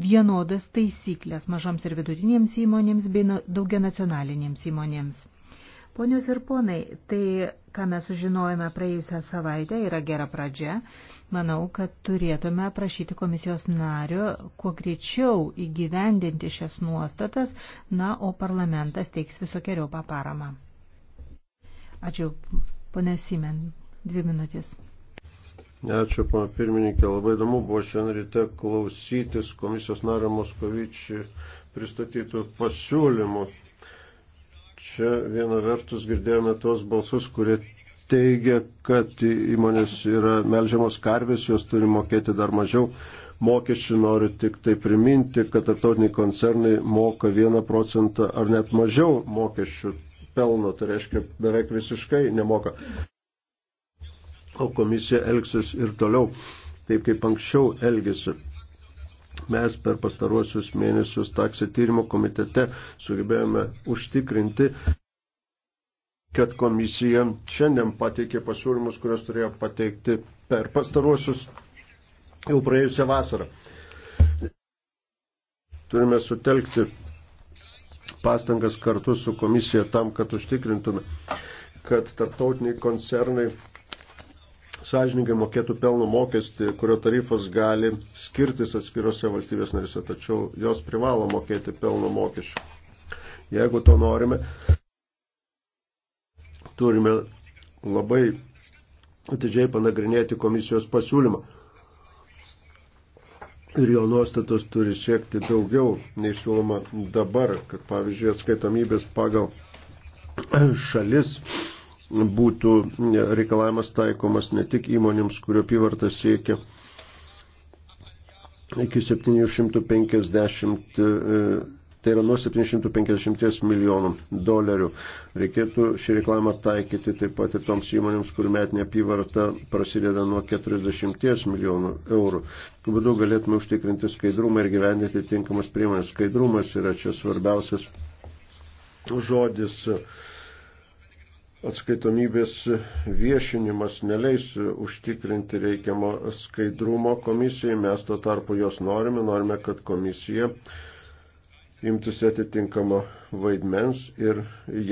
vienodas taisyklės mažoms ir vidutinėms įmonėms bei daugia nacionalinėms įmonėms. Ponios ir ponai, tai, ką mes sužinojome praėjusią savaitę, yra gera pradžia. Manau, kad turėtume prašyti komisijos nario kuo greičiau įgyvendinti šias nuostatas, na, o parlamentas teiks visokiojo paparamą. Ačiū, ponė Simen, dvi minutės. Ačiū, pana pirmininkė, labai įdomu buvo šiandien ryte klausytis komisijos nario Moskovičiui pristatytų pasiūlymų. Čia viena vertus girdėjome tuos balsus, kurie teigia, kad įmonės yra melžiamos karvės, jos turi mokėti dar mažiau mokesčių. Noriu tik tai priminti, kad tarptautiniai koncernai moka 1 procentą ar net mažiau mokesčių pelno, tai reiškia beveik visiškai nemoka. O komisija elgsis ir toliau, taip kaip anksčiau elgėsi. Mes per pastaruosius mėnesius taksio tyrimo komitete sugebėjome užtikrinti, kad komisija šiandien pateikė pasiūlymus, kurios turėjo pateikti per pastaruosius jau praėjusią vasarą. Turime sutelkti pastangas kartu su komisija tam, kad užtikrintume, kad tarptautiniai koncernai sąžininkai mokėtų pelno mokestį, kurio tarifas gali skirtis atskirose valstybės narise, tačiau jos privalo mokėti pelno mokesčių. Jeigu to norime, turime labai atidžiai panagrinėti komisijos pasiūlymą. Ir jo nuostatos turi siekti daugiau, nei siūloma dabar, kad pavyzdžiui atskaitomybės pagal šalis būtų reikalavimas taikomas ne tik įmonėms, kurio pivartas siekia iki 750, tai yra nuo 750 milijonų dolerių. Reikėtų šį reklamą taikyti taip pat ir toms įmonėms, kur metinė apyvarta prasideda nuo 40 milijonų eurų. Tokiu būdu galėtume užtikrinti skaidrumą ir gyvendyti tinkamas priemonės. Skaidrumas yra čia svarbiausias žodis. Uh, atskaitomybės viešinimas neleis užtikrinti reikiamo skaidrumo komisijai, mes tuo tarpu jos norime, norime, kad komisija imtųsi atitinkamo vaidmens ir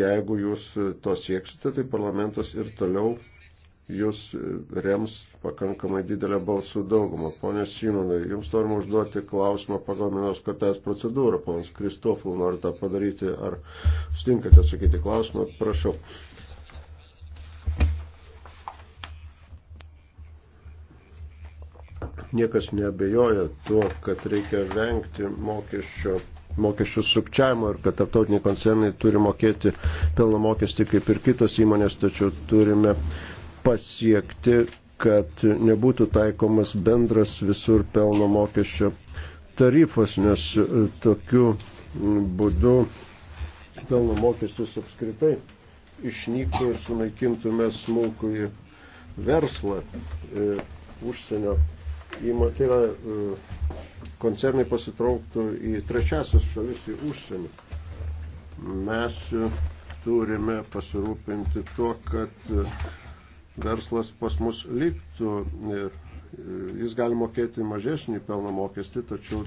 jeigu jūs to sieksite, tai parlamentas ir toliau jūs rems pakankamai didelę balsų daugumą. Pone Simonai, jums norime užduoti klausimą pagal minos kortės procedūrą. Ponas Kristofil nori tą padaryti. Ar stinkate sakyti klausimą? Prašau. niekas nebejoja tuo, kad reikia vengti mokesčio mokesčių sukčiavimo ir kad tarptautiniai koncernai turi mokėti pelno mokestį kaip ir kitos įmonės, tačiau turime pasiekti, kad nebūtų taikomas bendras visur pelno mokesčio tarifas, nes tokiu būdu pelno mokestis apskritai išnyktų ir sunaikintume smulkųjį verslą e, užsienio įmonė, tai yra koncernai pasitrauktų į trečiasias šalis, į užsienį. Mes turime pasirūpinti tuo, kad e, verslas pas mus liktų. E, jis gali mokėti mažesnį pelno mokestį, tačiau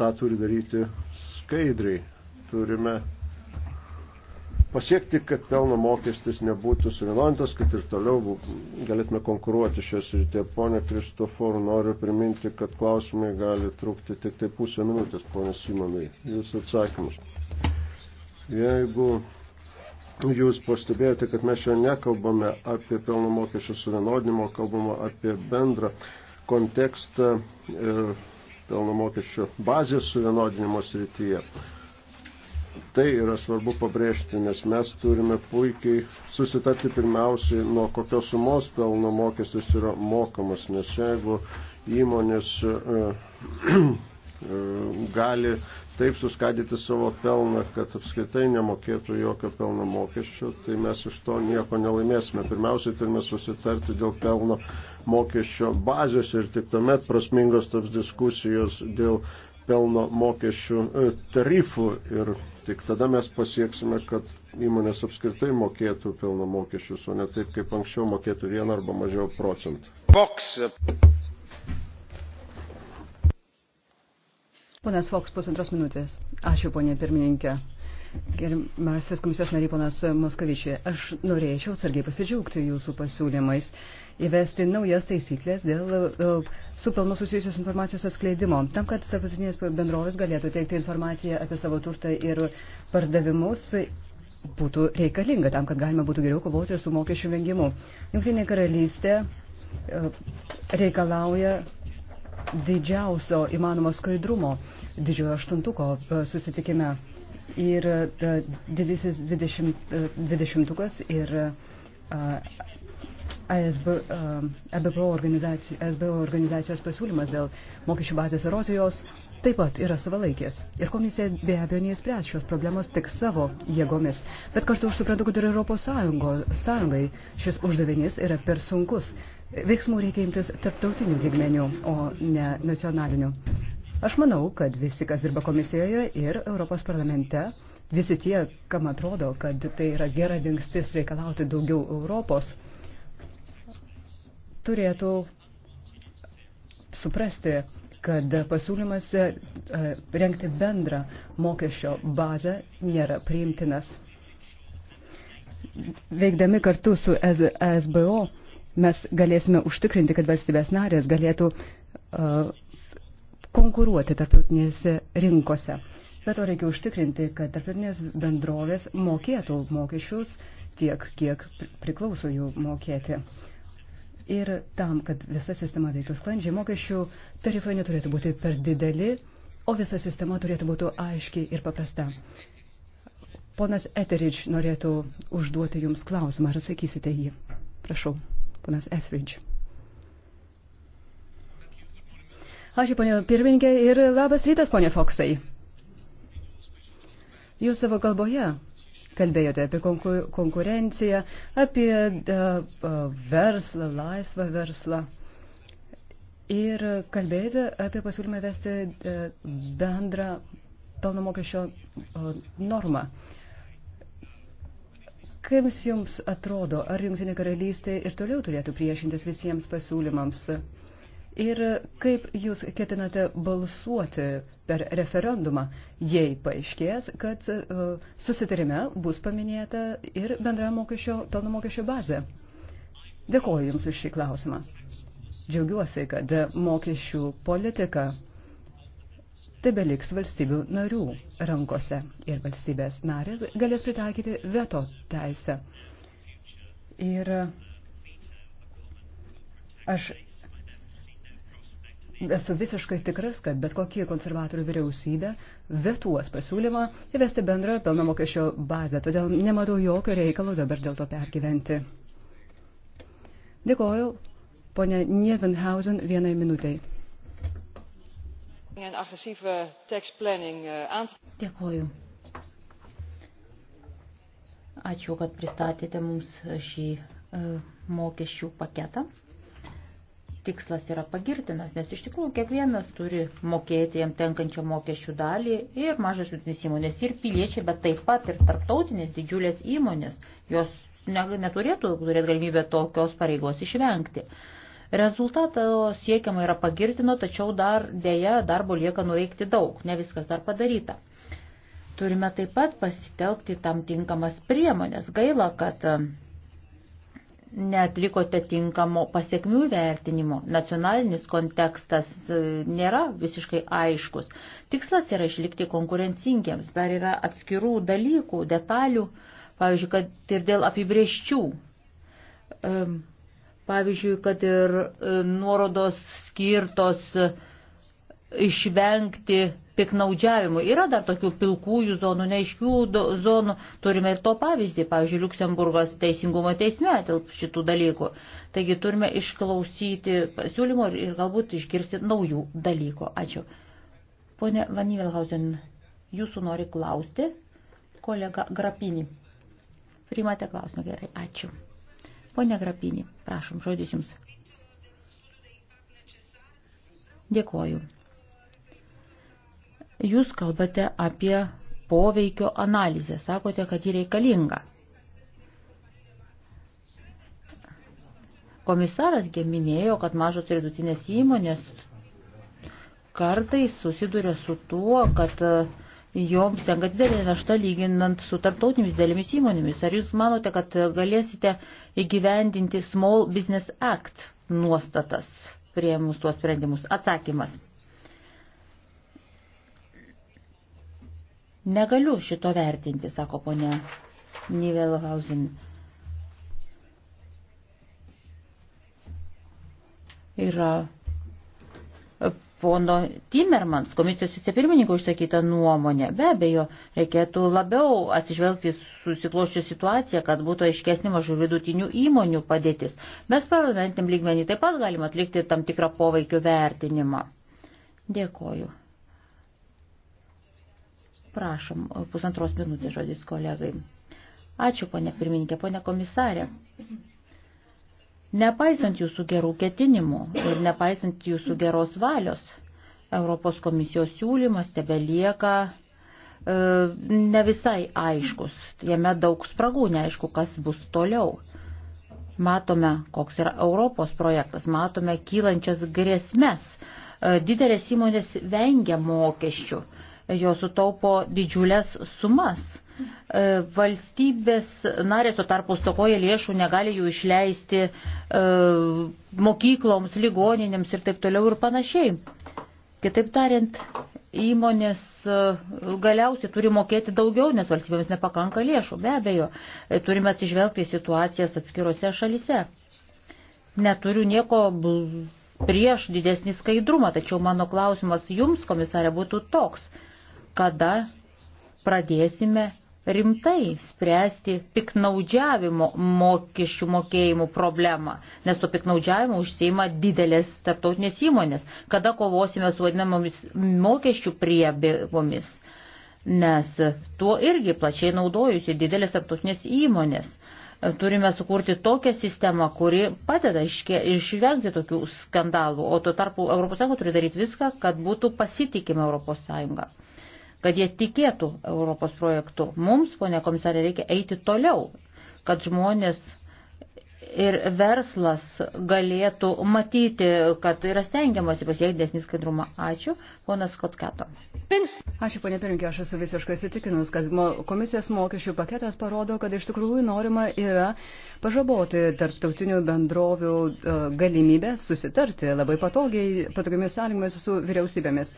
tą turi daryti skaidriai. Turime pasiekti, kad pelno mokestis nebūtų suvienodintas, kad ir toliau galėtume konkuruoti šios rytė. Pone Kristoforu, noriu priminti, kad klausimai gali trukti tik tai pusę minutės, pone Simonai, jūsų atsakymus. Jeigu jūs pastebėjote, kad mes šiandien nekalbame apie pelno mokesčio suvienodinimo, kalbame apie bendrą kontekstą e, pelno mokesčio bazės suvienodinimo srityje. Tai yra svarbu pabrėžti, nes mes turime puikiai susitarti pirmiausiai, nuo kokios sumos pelno mokestis yra mokamas, nes jeigu įmonės e, (clears throat) e, gali taip suskadyti savo pelną, kad apskritai nemokėtų jokio pelno mokesčio, tai mes iš to nieko nelaimėsime. Pirmiausiai turime susitarti dėl pelno mokesčio bazės ir tik tuomet prasmingos taps diskusijos dėl pelno mokesčių e, tarifų ir tik tada mes pasieksime, kad įmonės apskritai mokėtų pelno mokesčius, o ne taip, kaip anksčiau mokėtų vieną arba mažiau procentų. Vox. Ponas Foks, pusantros minutės. Ačiū, ponė pirmininkė. Gerimasis komisijos nariai ponas Moskavičiai, aš norėčiau atsargiai pasidžiaugti jūsų pasiūlymais įvesti naujas taisyklės dėl e, su pelnu susijusios informacijos atskleidimo, tam, kad tarptautinės bendrovės galėtų teikti informaciją apie savo turtą ir pardavimus būtų reikalinga tam, kad galima būtų geriau kovoti su mokesčių vengimu. Junktinė karalystė e, reikalauja didžiausio įmanomo skaidrumo didžiojo aštuntuko e, susitikime ir e, didysis e, dvidešimtukas ir e, ASB, ABPO organizacijos, ASBO organizacijos pasiūlymas dėl mokesčių bazės erozijos taip pat yra savalaikės. Ir komisija be abejo neįspręs šios problemos tik savo jėgomis. Bet kartu aš suprantu, kad ir Europos Sąjungo, Sąjungai šis uždavinys yra per sunkus. Veiksmų reikia imtis tarptautinių lygmenių, o ne nacionalinių. Aš manau, kad visi, kas dirba komisijoje ir Europos parlamente, visi tie, kam atrodo, kad tai yra gera dingstis reikalauti daugiau Europos, turėtų suprasti, kad pasiūlymas e, rengti bendrą mokesčio bazę nėra priimtinas. Veikdami kartu su ESBO mes galėsime užtikrinti, kad valstybės narės galėtų uh, konkuruoti tarptautinėse rinkose. Bet to reikia užtikrinti, kad tarptautinės bendrovės mokėtų mokesčius tiek, kiek priklauso jų mokėti. Ir tam, kad visa sistema veiktų sklandžiai, mokesčių tarifai neturėtų būti per dideli, o visa sistema turėtų būti aiški ir paprasta. Ponas Eteridž norėtų užduoti Jums klausimą, ar atsakysite jį. Prašau, ponas Etheridge. Ačiū, ponė pirmininkė, ir labas rytas, ponė Foksai. Jūs savo kalboje kalbėjote apie konkurenciją, apie verslą, laisvą verslą. Ir kalbėjote apie pasiūlymą vesti bendrą pelno mokesčio normą. Kaip jums atrodo, ar Junktinė karalystė ir toliau turėtų priešintis visiems pasiūlymams? Ir kaip jūs ketinate balsuoti per referendumą, jei paaiškės, kad uh, susitarime bus paminėta ir bendra mokesčio, pelno mokesčio bazė? Dėkoju Jums už šį klausimą. Džiaugiuosi, kad mokesčių politika tebeliks valstybių narių rankose ir valstybės narės galės pritaikyti veto teisę. Ir aš Esu visiškai tikras, kad bet kokie konservatorių vyriausybė vetuos pasiūlymą įvesti bendrą pelno mokesčio bazę, todėl nematau jokio reikalo dabar dėl to pergyventi. Dėkoju, ponė Nievenhausen, vienai minutiai. Dėkoju. Ačiū, kad pristatėte mums šį e, mokesčių paketą tikslas yra pagirtinas, nes iš tikrųjų kiekvienas turi mokėti jam tenkančią mokesčių dalį ir mažas vidutinės įmonės, ir piliečiai, bet taip pat ir tarptautinės didžiulės įmonės, jos ne, neturėtų turėti galimybę tokios pareigos išvengti. Rezultatą siekiama yra pagirtino, tačiau dar dėja darbo lieka nuveikti daug, ne viskas dar padaryta. Turime taip pat pasitelkti tam tinkamas priemonės. Gaila, kad netlikote tinkamo pasiekmių vertinimo. Nacionalinis kontekstas e, nėra visiškai aiškus. Tikslas yra išlikti konkurencingiems. Dar yra atskirų dalykų, detalių, pavyzdžiui, kad ir dėl apibrieščių. Pavyzdžiui, kad ir e, nuorodos skirtos e, išvengti piknaudžiavimu. Yra dar tokių pilkųjų zonų, neaiškių zonų. Turime ir to pavyzdį, pavyzdžiui, Luksemburgas teisingumo teisme dėl šitų dalykų. Taigi turime išklausyti pasiūlymo ir galbūt išgirsti naujų dalykų. Ačiū. Pone Vanyvelhausen, jūsų nori klausti kolega Grapinį. Primate klausimą gerai. Ačiū. Pone Grapinį, prašom, žodis jums. Dėkoju. Jūs kalbate apie poveikio analizę, sakote, kad ji reikalinga. Komisaras gėminėjo, kad mažos ir vidutinės įmonės kartais susiduria su tuo, kad e, joms tenka didelė našta lyginant su tarptautinėmis dėlėmis įmonėmis. Ar jūs manote, kad galėsite įgyvendinti Small Business Act nuostatas prie mūsų tuos sprendimus? Atsakymas. Negaliu šito vertinti, sako ponia Nivelhausen. Yra e, pono Timmermans, komisijos vicepirmininko išsakyta nuomonė. Be abejo, reikėtų labiau atsižvelgti susikloščią situaciją, kad būtų aiškesnė mažų vidutinių įmonių padėtis. Mes parlamentiniam lygmenį taip pat galime atlikti tam tikrą poveikio vertinimą. Dėkoju. Prašom, pusantros minutės žodis kolegai. Ačiū, ponė pirmininkė, ponė komisarė. Nepaisant jūsų gerų ketinimų ir nepaisant jūsų geros valios, Europos komisijos siūlymas tebe lieka e, ne visai aiškus. Jame daug spragų, neaišku, kas bus toliau. Matome, koks yra Europos projektas, matome kylančias grėsmes. E, didelės įmonės vengia mokesčių. E, jos sutaupo didžiulės sumas. E, valstybės narės, o tarpu stokoja lėšų, negali jų išleisti e, mokykloms, ligoninėms ir taip toliau ir panašiai. Kitaip tariant, įmonės e, galiausiai turi mokėti daugiau, nes valstybėms nepakanka lėšų. Be abejo, turime atsižvelgti į situacijas atskirose šalise. Neturiu nieko prieš didesnį skaidrumą, tačiau mano klausimas jums, komisarė, būtų toks kada pradėsime rimtai spręsti piknaudžiavimo mokesčių mokėjimų problemą, nes to piknaudžiavimo užsieima didelės tarptautinės įmonės, kada kovosime su vadinamomis mokesčių priebėgomis, nes tuo irgi plačiai naudojusi didelės tarptautinės įmonės. Turime sukurti tokią sistemą, kuri padeda iškė, išvengti tokių skandalų, o tuo tarpu ES turi daryti viską, kad būtų pasitikima ES kad jie tikėtų Europos projektu. Mums, ponė komisarė, reikia eiti toliau, kad žmonės ir verslas galėtų matyti, kad yra stengiamasi pasiekti desnį skaidrumą. Ačiū, ponas Kotkato. Ačiū, ponė Pirinkė, aš esu visiškai įsitikinus, kad komisijos mokesčių paketas parodo, kad iš tikrųjų norima yra pažaboti tarptautinių bendrovių e, galimybę susitarti labai patogiai, patogiamis sąlygomis su vyriausybėmis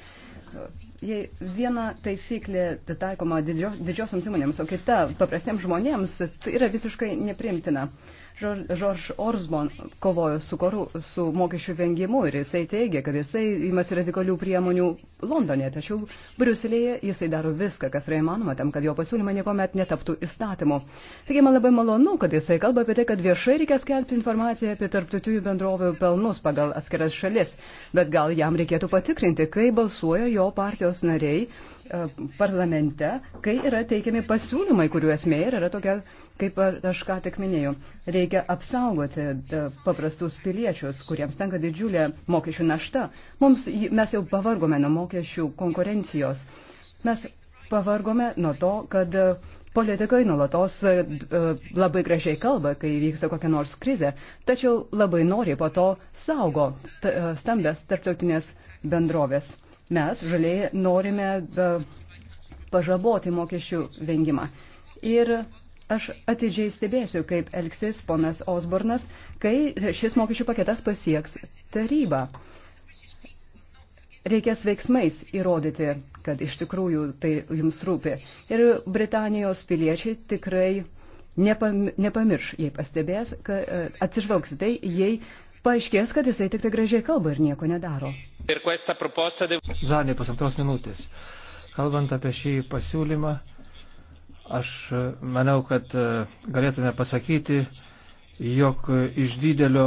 jei viena taisyklė taikoma didžiosioms įmonėms, o kita paprastiems žmonėms, tai yra visiškai neprimtina. Uh, Žorž Orsman kovojo su, koru, su mokesčių vengimu ir jisai teigia, kad jisai imasi radikalių priemonių Londone, tačiau Briuselėje jisai daro viską, kas yra įmanoma tam, kad jo pasiūlymai nieko met netaptų įstatymu. Taigi man labai malonu, kad jisai kalba apie tai, kad viešai reikia skelbti informaciją apie tarptautinių bendrovių pelnus pagal atskiras šalis, bet gal jam reikėtų patikrinti, kai balsuoja jo partijos nariai e, parlamente, kai yra teikiami pasiūlymai, kurių esmė yra tokia Kaip aš ką tik minėjau, reikia apsaugoti e, paprastus piliečius, kuriems tenka didžiulė mokesčių našta. Mums, mes jau pavargome nuo mokesčių konkurencijos. Mes pavargome nuo to, kad e, politikai nuolatos e, labai gražiai kalba, kai vyksta kokia nors krizė, tačiau labai nori po to saugo stambės tarptautinės bendrovės. Mes žaliai norime pažaboti mokesčių vengimą. Ir Aš atidžiai stebėsiu, kaip elgsis ponas Osbornas, kai šis mokesčių paketas pasieks tarybą. Reikės veiksmais įrodyti, kad iš tikrųjų tai jums rūpi. Ir Britanijos piliečiai tikrai nepamirš, jei pastebės, kad e, atsižvelgs tai, jei paaiškės, kad jisai tik tai gražiai kalba ir nieko nedaro. Žanė, pusantros minutės. Kalbant apie šį pasiūlymą, Aš e, manau, kad e, galėtume pasakyti, jog iš didelio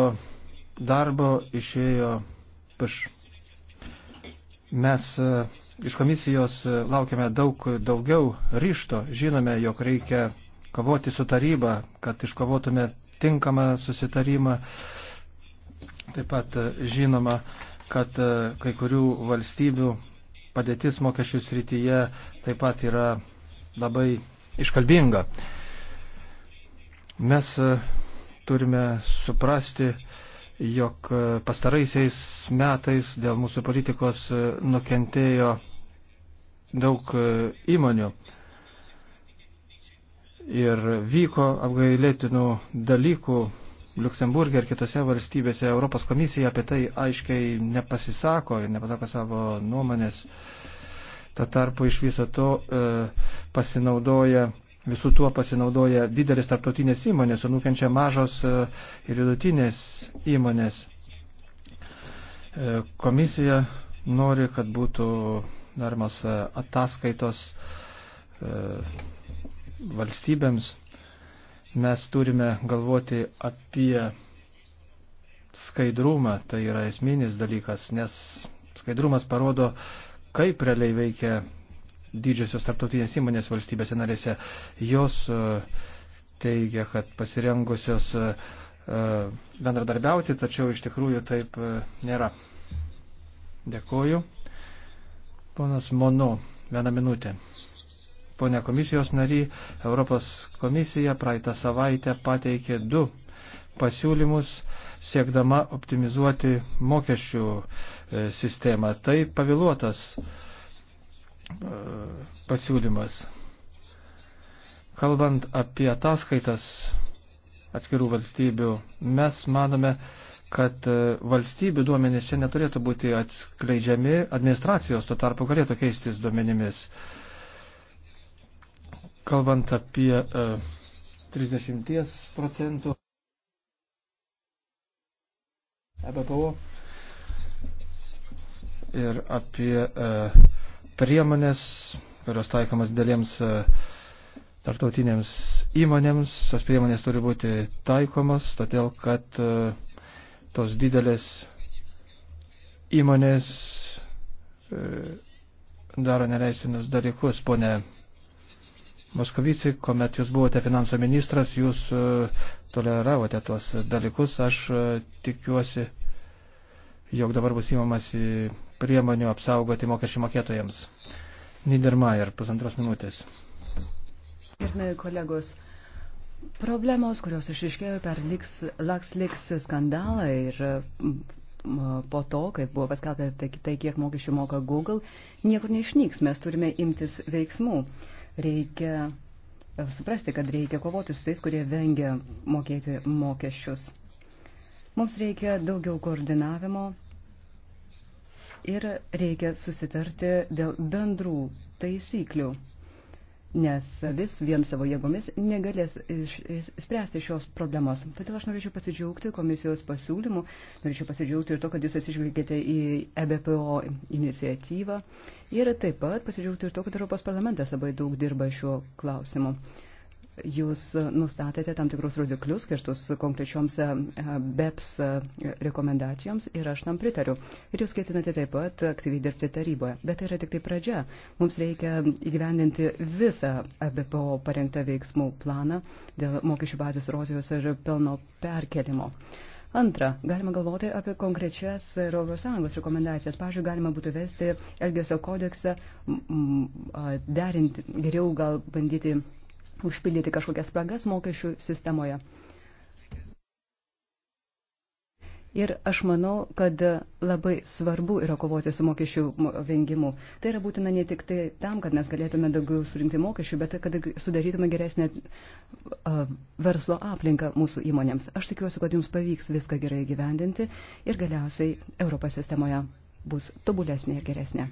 darbo išėjo paš. Mes e, iš komisijos laukiame daug daugiau ryšto. Žinome, jog reikia kovoti su taryba, kad iškovotume tinkamą susitarimą. Taip pat žinoma, kad kai kurių valstybių padėtis mokesčių srityje taip pat yra labai iškalbinga. Mes e, turime suprasti, jog e, pastaraisiais metais dėl mūsų politikos e, nukentėjo daug įmonių ir vyko apgailėtinų dalykų Luksemburgė ir kitose valstybėse Europos komisija apie tai aiškiai nepasisako ir nepasako savo nuomonės. Uh, Ta tarpu iš viso to e, pasinaudoja, visų tuo pasinaudoja didelis tarptautinės įmonės, o nukenčia mažos e, ir vidutinės įmonės. E, komisija nori, kad būtų daromas e, ataskaitos e, valstybėms. Mes turime galvoti apie skaidrumą, tai yra esminis dalykas, nes skaidrumas parodo kaip realiai veikia didžiosios tarptautinės įmonės valstybėse narėse. Jos e, teigia, kad pasirengusios e, e, bendradarbiauti, tačiau iš tikrųjų taip nėra. Dėkoju. Ponas Monu, vieną minutę. Pone komisijos nary, Europos komisija praeitą savaitę pateikė du pasiūlymus siekdama optimizuoti mokesčių e, sistemą. Tai pavėluotas e, pasiūlymas. Kalbant apie ataskaitas atskirų valstybių, mes manome, kad e, valstybių duomenys čia neturėtų būti atskleidžiami, administracijos to tarpu galėtų keistis duomenimis. Kalbant apie 30 procentų. EBPO ir apie e, priemonės, kurios taikomas dėliems e, tartautinėms įmonėms. Tos priemonės turi būti taikomas, todėl kad e, tos didelės įmonės e, daro neleisinus dalykus, ponė Moskovici, kuomet jūs buvote finansų ministras, jūs e, toleravote tuos dalykus. Aš e, tikiuosi, jog dabar bus įmamasi priemonių apsaugoti mokesčių mokėtojams. Niedermayer, pusantros minutės. Gerbėjai kolegos, problemos, kurios išiškėjo per LuxLeaks skandalą ir po to, kai buvo paskelbta tai, tai, kiek mokesčių moka Google, niekur neišnyks. Mes turime imtis veiksmų. Uh, Reikia e, suprasti, kad reikia kovoti su tais, kurie vengia mokėti mokesčius. Mums reikia daugiau koordinavimo ir reikia susitarti dėl bendrų taisyklių nes vis vien savo jėgomis negalės spręsti šios problemos. Todėl aš norėčiau pasidžiaugti komisijos pasiūlymu, norėčiau pasidžiaugti ir to, kad jūs atsižvelgėte į EBPO iniciatyvą ir taip pat pasidžiaugti ir to, kad Europos parlamentas labai daug dirba šiuo klausimu jūs nustatėte tam tikrus rodiklius skirtus konkrečioms e, e, BEPS e, rekomendacijoms ir aš tam pritariu. Ir jūs ketinate taip pat aktyviai dirbti taryboje. Bet tai yra tik tai pradžia. Mums reikia įgyvendinti visą BPO parengtą veiksmų planą dėl mokesčių bazės erozijos ir pelno perkelimo. Antra, galima galvoti apie konkrečias ES rekomendacijas. Pavyzdžiui, galima būtų vesti Elgesio kodeksą, derinti, geriau gal bandyti užpildyti kažkokias spragas mokesčių sistemoje. Ir aš manau, kad labai svarbu yra kovoti su mokesčių vengimu. Tai yra būtina ne tik tai tam, kad mes galėtume daugiau surinkti mokesčių, bet kad sudarytume geresnę uh, verslo aplinką mūsų įmonėms. Aš tikiuosi, kad jums pavyks viską gerai gyvendinti ir galiausiai Europos sistemoje bus tobulesnė ir geresnė.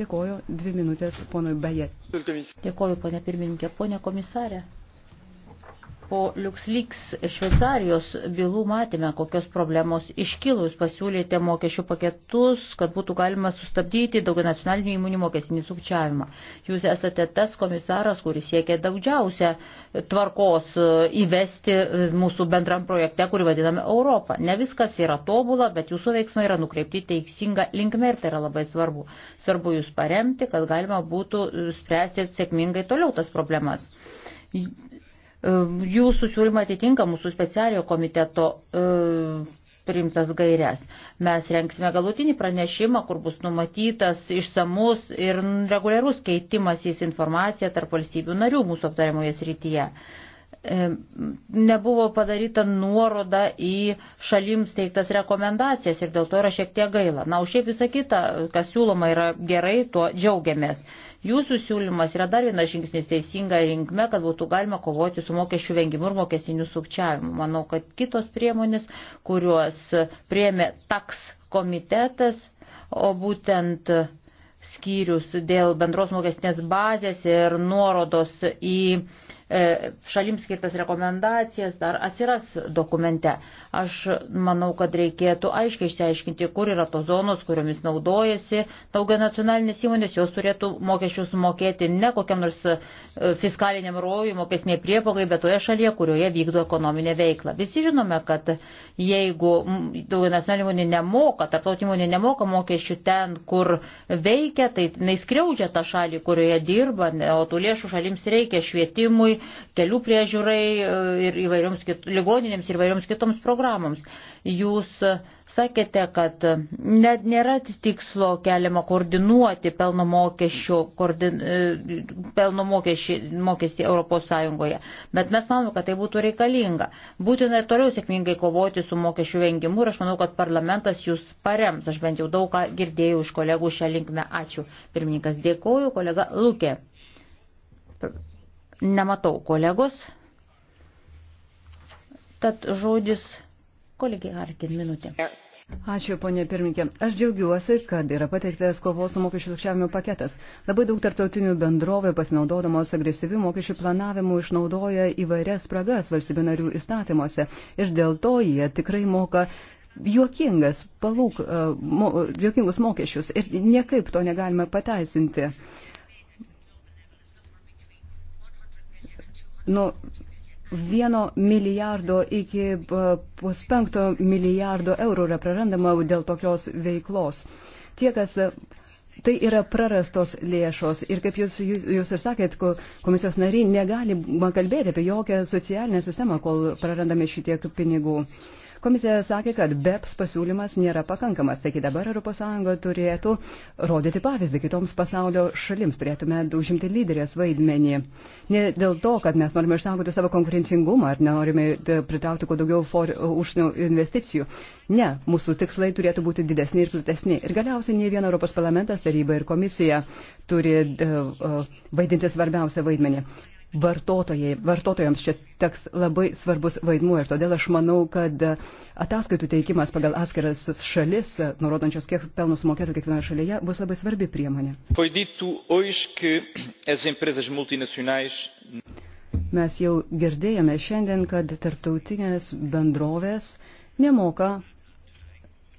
Dėkoju dvi minutės ponui Baje. Dėkoju, ponė pirmininkė, ponė komisarė. Po LuxLeaks Šveicarijos bylų matėme, kokios problemos iškilus pasiūlėte mokesčių paketus, kad būtų galima sustabdyti daugia nacionalinių įmonių mokestinį sukčiavimą. Jūs esate tas komisaras, kuris siekia daugiausia tvarkos e, įvesti e, mūsų bendram projekte, kurį vadiname Europą. Ne viskas yra tobula, bet jūsų veiksmai yra nukreipti teisinga linkme ir tai yra labai svarbu. Svarbu jūs paremti, kad galima būtų e, spręsti sėkmingai toliau tas problemas E, jūsų siūlymą atitinka mūsų specialio komiteto e, priimtas gairias. Mes renksime galutinį pranešimą, kur bus numatytas išsamus ir reguliarus keitimasis informacija tarp valstybių narių mūsų aptariamoje srityje. E, nebuvo padaryta nuoroda į šalims teiktas rekomendacijas ir dėl to yra šiek tiek gaila. Na, už šiaip visą kitą, kas siūloma, yra gerai, tuo džiaugiamės. Jūsų siūlymas yra dar vienas žingsnis teisinga rinkme, kad būtų galima kovoti su mokesčių vengimu ir mokestiniu sukčiavimu. Manau, kad kitos priemonės, kuriuos priemė taks komitetas, o būtent skyrius dėl bendros mokestinės bazės ir nuorodos į E, šalims skirtas rekomendacijas dar atsiras dokumente. Aš manau, kad reikėtų aiškiai išsiaiškinti, kur yra tos zonos, kuriomis naudojasi daugia nacionalinės įmonės, jos turėtų mokesčius mokėti ne kokiam nors e, fiskaliniam rojui, mokesniai priepagai, bet toje šalyje, kurioje vykdo ekonominę veiklą. Visi žinome, kad jeigu daugia nacionalinė įmonė nemoka, tarptautinė įmonė nemoka mokesčių ten, kur veikia, tai naiskriaudžia tą šalį, kurioje dirba, o tų lėšų šalims reikia švietimui, priežiūrai, kelių priežiūrai e, ir įvairioms kit, ligoninėms ir įvairioms kitoms programoms. Jūs sakėte, kad net nėra tikslo keliama koordinuoti pelno, mokesčio, koordin, e, pelno mokesčio, mokestį Europos Sąjungoje, bet mes manome, kad tai būtų reikalinga. Būtina ir toliau sėkmingai kovoti su mokesčių vengimu ir aš manau, kad parlamentas jūs parems. Aš bent jau daug ką girdėjau iš kolegų šią linkmę. Ačiū. Pirmininkas dėkoju, kolega Lūkė. Nematau kolegos. Tad žodis kolegiai Harkin minutė. Ačiū, ponė pirmininkė. Aš džiaugiuosi, kad yra pateiktas kovos su mokesčių sukčiavimu paketas. Labai daug tarptautinių bendrovė pasinaudodamos agresyvių mokesčių planavimu išnaudoja įvairias spragas valstybių narių įstatymuose ir dėl to jie tikrai moka juokingas palūk, mo, juokingus mokesčius ir niekaip to negalime pateisinti. nuo vieno milijardo iki e, puspenkto milijardo eurų yra prarandama dėl tokios veiklos. Tie, kas e, Tai yra prarastos lėšos ir kaip jūs, jūs, jūs ir sakėt, komisijos nariai negali kalbėti apie jokią socialinę sistemą, kol prarandame šitiek pinigų. Uh, Komisija sakė, kad BEPS pasiūlymas nėra pakankamas, taigi dabar ES turėtų rodyti pavyzdį kitoms pasaulio šalims, turėtume užimti lyderės vaidmenį. Ne dėl to, kad mes norime išsaugoti savo konkurencingumą ar norime e, pritraukti kuo daugiau for, e, užsienio investicijų. Ne, mūsų tikslai turėtų būti didesni ir platesni. Ir galiausiai ne viena Europos parlamentas, taryba ir komisija turi uh, vaidinti svarbiausią vaidmenį vartotojams čia teks labai svarbus vaidmuo ir todėl aš manau, kad ataskaitų teikimas pagal atskiras šalis, nurodančios, kiek pelnus mokėtų kiekvienoje šalyje, bus labai svarbi priemonė. Mes jau girdėjome šiandien, kad tarptautinės bendrovės nemoka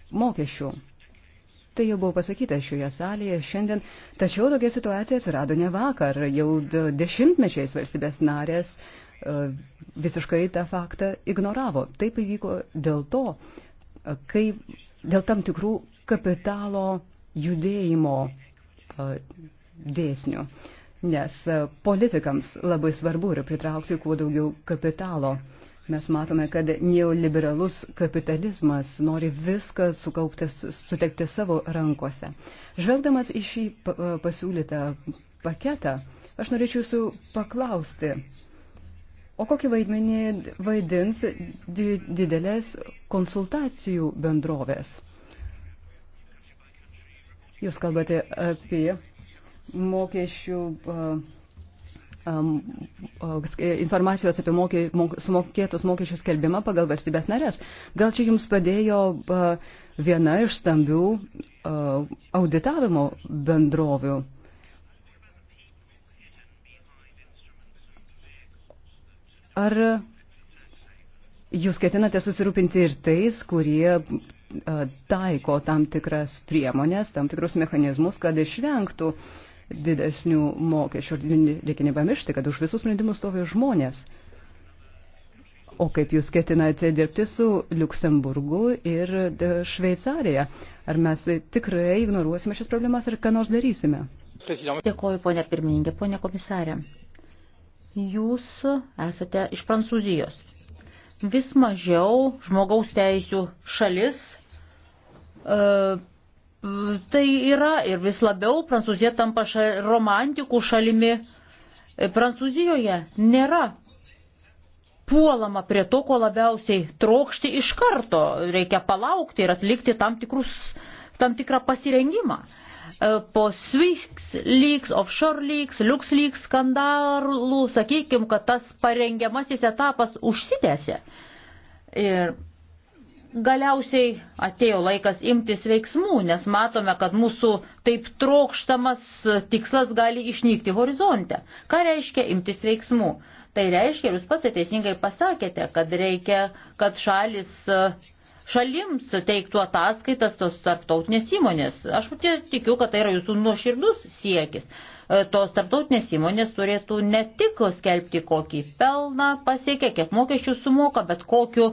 mokesčių. Tai jau buvo pasakyta šioje salėje šiandien. Tačiau tokia situacija atsirado ne vakar. Jau dešimtmečiais valstybės narės e, visiškai tą faktą ignoravo. Taip įvyko dėl to, e, kai dėl tam tikrų kapitalo judėjimo e, dėsnių. Nes politikams labai svarbu yra pritraukti kuo daugiau kapitalo. Mes matome, kad neoliberalus kapitalizmas nori viską sukauptis, sutekti savo rankose. Žvelgdamas į šį pasiūlytą paketą, aš norėčiau jūsų paklausti, O kokį vaidmenį vaidins di didelės konsultacijų bendrovės? Jūs kalbate apie mokesčių uh, informacijos apie mokė, mok, sumokėtus mokesčius skelbimą pagal valstybės narės. Gal čia jums padėjo viena iš stambių auditavimo bendrovių? Ar jūs ketinate susirūpinti ir tais, kurie taiko tam tikras priemonės, tam tikrus mechanizmus, kad išvengtų uh, didesnių mokesčių. Reikia nepamiršti, kad už visus sprendimus stovi žmonės. O kaip jūs ketinate dirbti su Luksemburgu ir e, Šveicarija? Ar mes tikrai ignoruosime šias problemas ir ką nors darysime? Dėkoju, ponė pirmininkė, ponė komisarė. Jūs esate iš Prancūzijos. Vis mažiau žmogaus teisių šalis. E, Tai yra ir vis labiau Prancūzija tampa ša, romantikų šalimi. Prancūzijoje nėra puolama prie to, ko labiausiai trokšti iš karto. Reikia palaukti ir atlikti tam, tikrus, tam tikrą pasirengimą. E, po Swiss leaks, offshore leaks, lux leaks skandalų, sakykime, kad tas parengiamasis etapas užsitęsė. Ir Galiausiai atėjo laikas imtis veiksmų, nes matome, kad mūsų taip trokštamas tikslas gali išnykti horizonte. Ką reiškia imtis veiksmų? Tai reiškia, jūs pats teisingai pasakėte, kad reikia, kad šalis, šalims teiktų ataskaitas tos tarptautinės įmonės. Aš tikiu, kad tai yra jūsų nuoširdus siekis. E, tos tarptautinės įmonės turėtų ne tik skelbti, kokį pelną pasiekia, kiek mokesčių sumoka, bet kokiu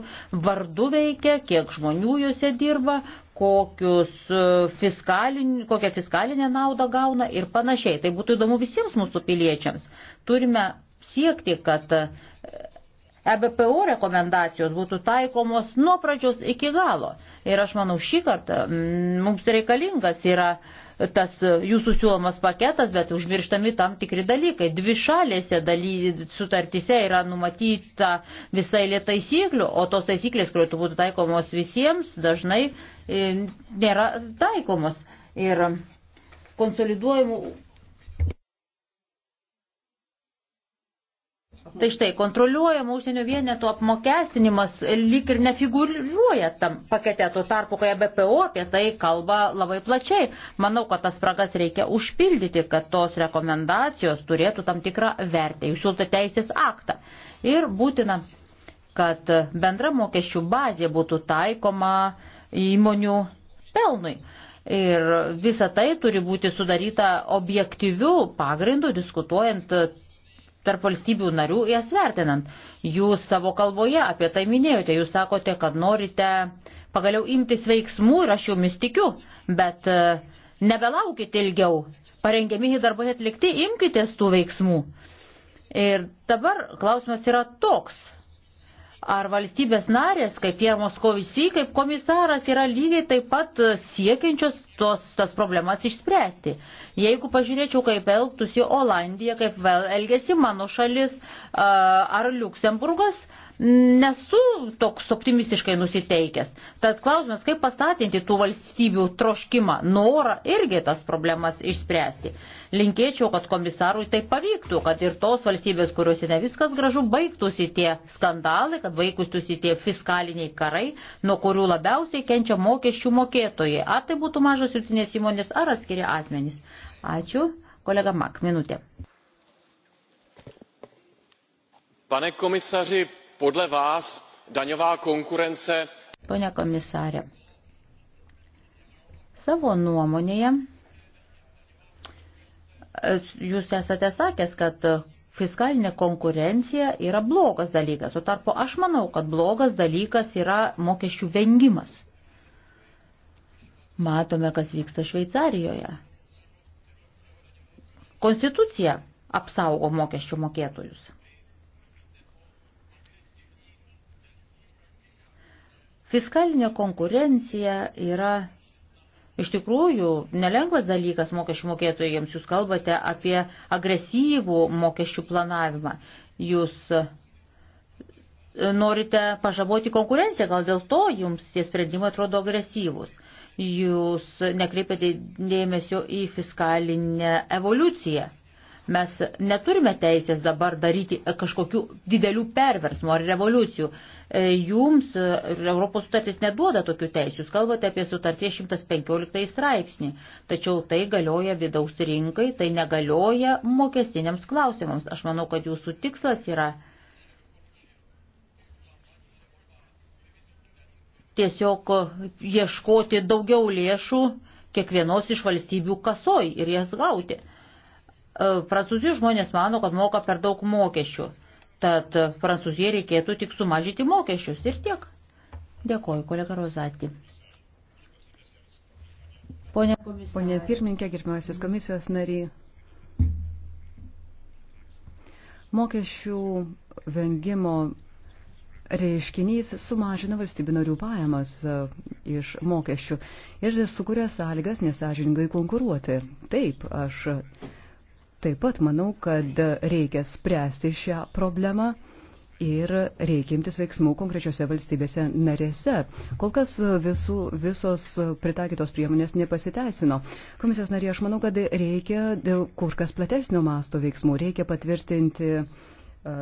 vardu veikia, kiek žmonių juose dirba, e, fiskalin, kokią fiskalinę naudą gauna ir panašiai. Tai būtų įdomu visiems mūsų piliečiams. Turime siekti, kad e, EBPO rekomendacijos būtų taikomos nuo pradžios iki galo. Ir aš manau, šį kartą mm, mums reikalingas yra tas jūsų siūlomas paketas, bet užmirštami tam tikri dalykai. Dvi šalėse daly, sutartise yra numatyta visai lėtaisyklių, o tos taisyklės, kurios būtų taikomos visiems, dažnai e, nėra taikomos. Ir konsoliduojimų Tai štai kontroliuojamo užsienio vieneto apmokestinimas lyg ir nefigūruoja tam pakete, tuo tarpu, kai e BPO apie tai kalba labai plačiai. Manau, kad tas spragas reikia užpildyti, kad tos rekomendacijos turėtų tam tikrą vertę. Jūs siūlote teisės aktą. Ir būtina, kad bendra mokesčių bazė būtų taikoma įmonių pelnui. Ir visa tai turi būti sudaryta objektyvių pagrindų, diskutuojant tarp valstybių narių jas vertinant. Jūs savo kalboje apie tai minėjote, jūs sakote, kad norite pagaliau imtis veiksmų ir aš jumis tikiu, bet e, nebelaukit ilgiau, parengiami darbai atlikti, imkitės tų veiksmų. Ir dabar klausimas yra toks, Ar valstybės narės, kaip ir Moskovici, kaip komisaras, yra lygiai taip pat siekiančios tos, tas problemas išspręsti. Jeigu pažiūrėčiau, kaip elgtųsi Olandija, kaip vėl elgesi mano šalis ar Luksemburgas, nesu toks optimistiškai nusiteikęs. Tad klausimas, kaip pastatinti tų valstybių troškimą, norą irgi tas problemas išspręsti. Linkėčiau, kad komisarui tai pavyktų, kad ir tos valstybės, kuriuose ne viskas gražu, baigtųsi tie skandalai, kad baigtųsi tie fiskaliniai karai, nuo kurių labiausiai kenčia mokesčių mokėtojai. Ar tai būtų mažos jūtinės įmonės, ar atskiri asmenys. Ačiū. Kolega Mak, minutė. Pane komisaři, podle vás daňová konkurence. Pone komisarė, savo nuomonėje jūs esate sakęs, kad fiskalinė konkurencija yra blogas dalykas, o tarpu aš manau, kad blogas dalykas yra mokesčių vengimas. Matome, kas vyksta Šveicarijoje. Konstitucija apsaugo mokesčių mokėtojus. Fiskalinė konkurencija yra iš tikrųjų nelengvas dalykas mokesčių mokėtojams. Jūs kalbate apie agresyvų mokesčių planavimą. Jūs e, norite pažaboti konkurenciją, gal dėl to jums tie sprendimai atrodo agresyvus. Jūs nekreipiate dėmesio į fiskalinę evoliuciją. Mes neturime teisės dabar daryti kažkokių didelių perversmų ar revoliucijų. E, jums e, Europos sutartis neduoda tokių teisų. Jūs kalbate apie sutarties 115 straipsnį, tačiau tai galioja vidaus rinkai, tai negalioja mokestiniams klausimams. Aš manau, kad jūsų tikslas yra tiesiog ieškoti daugiau lėšų kiekvienos iš valstybių kasoj ir jas gauti. E, prancūzijos žmonės mano, kad moka per daug mokesčių. Tad Prancūzijai reikėtų tik sumažyti mokesčius ir tiek. Dėkoju, kolega Rozati. Pone, Pone pirmininkė, gerbiamasis komisijos nariai. Mokesčių vengimo reiškinys sumažina valstybių narių pajamas e, iš mokesčių ir sukuria sąlygas nesažiningai konkuruoti. Taip, aš Taip pat manau, kad reikia spręsti šią problemą ir reikia imtis veiksmų konkrečiose valstybėse narėse. Kol kas visų, visos pritaikytos priemonės nepasiteisino. Komisijos narė, aš manau, kad reikia kur kas platesnio masto veiksmų. Reikia patvirtinti e,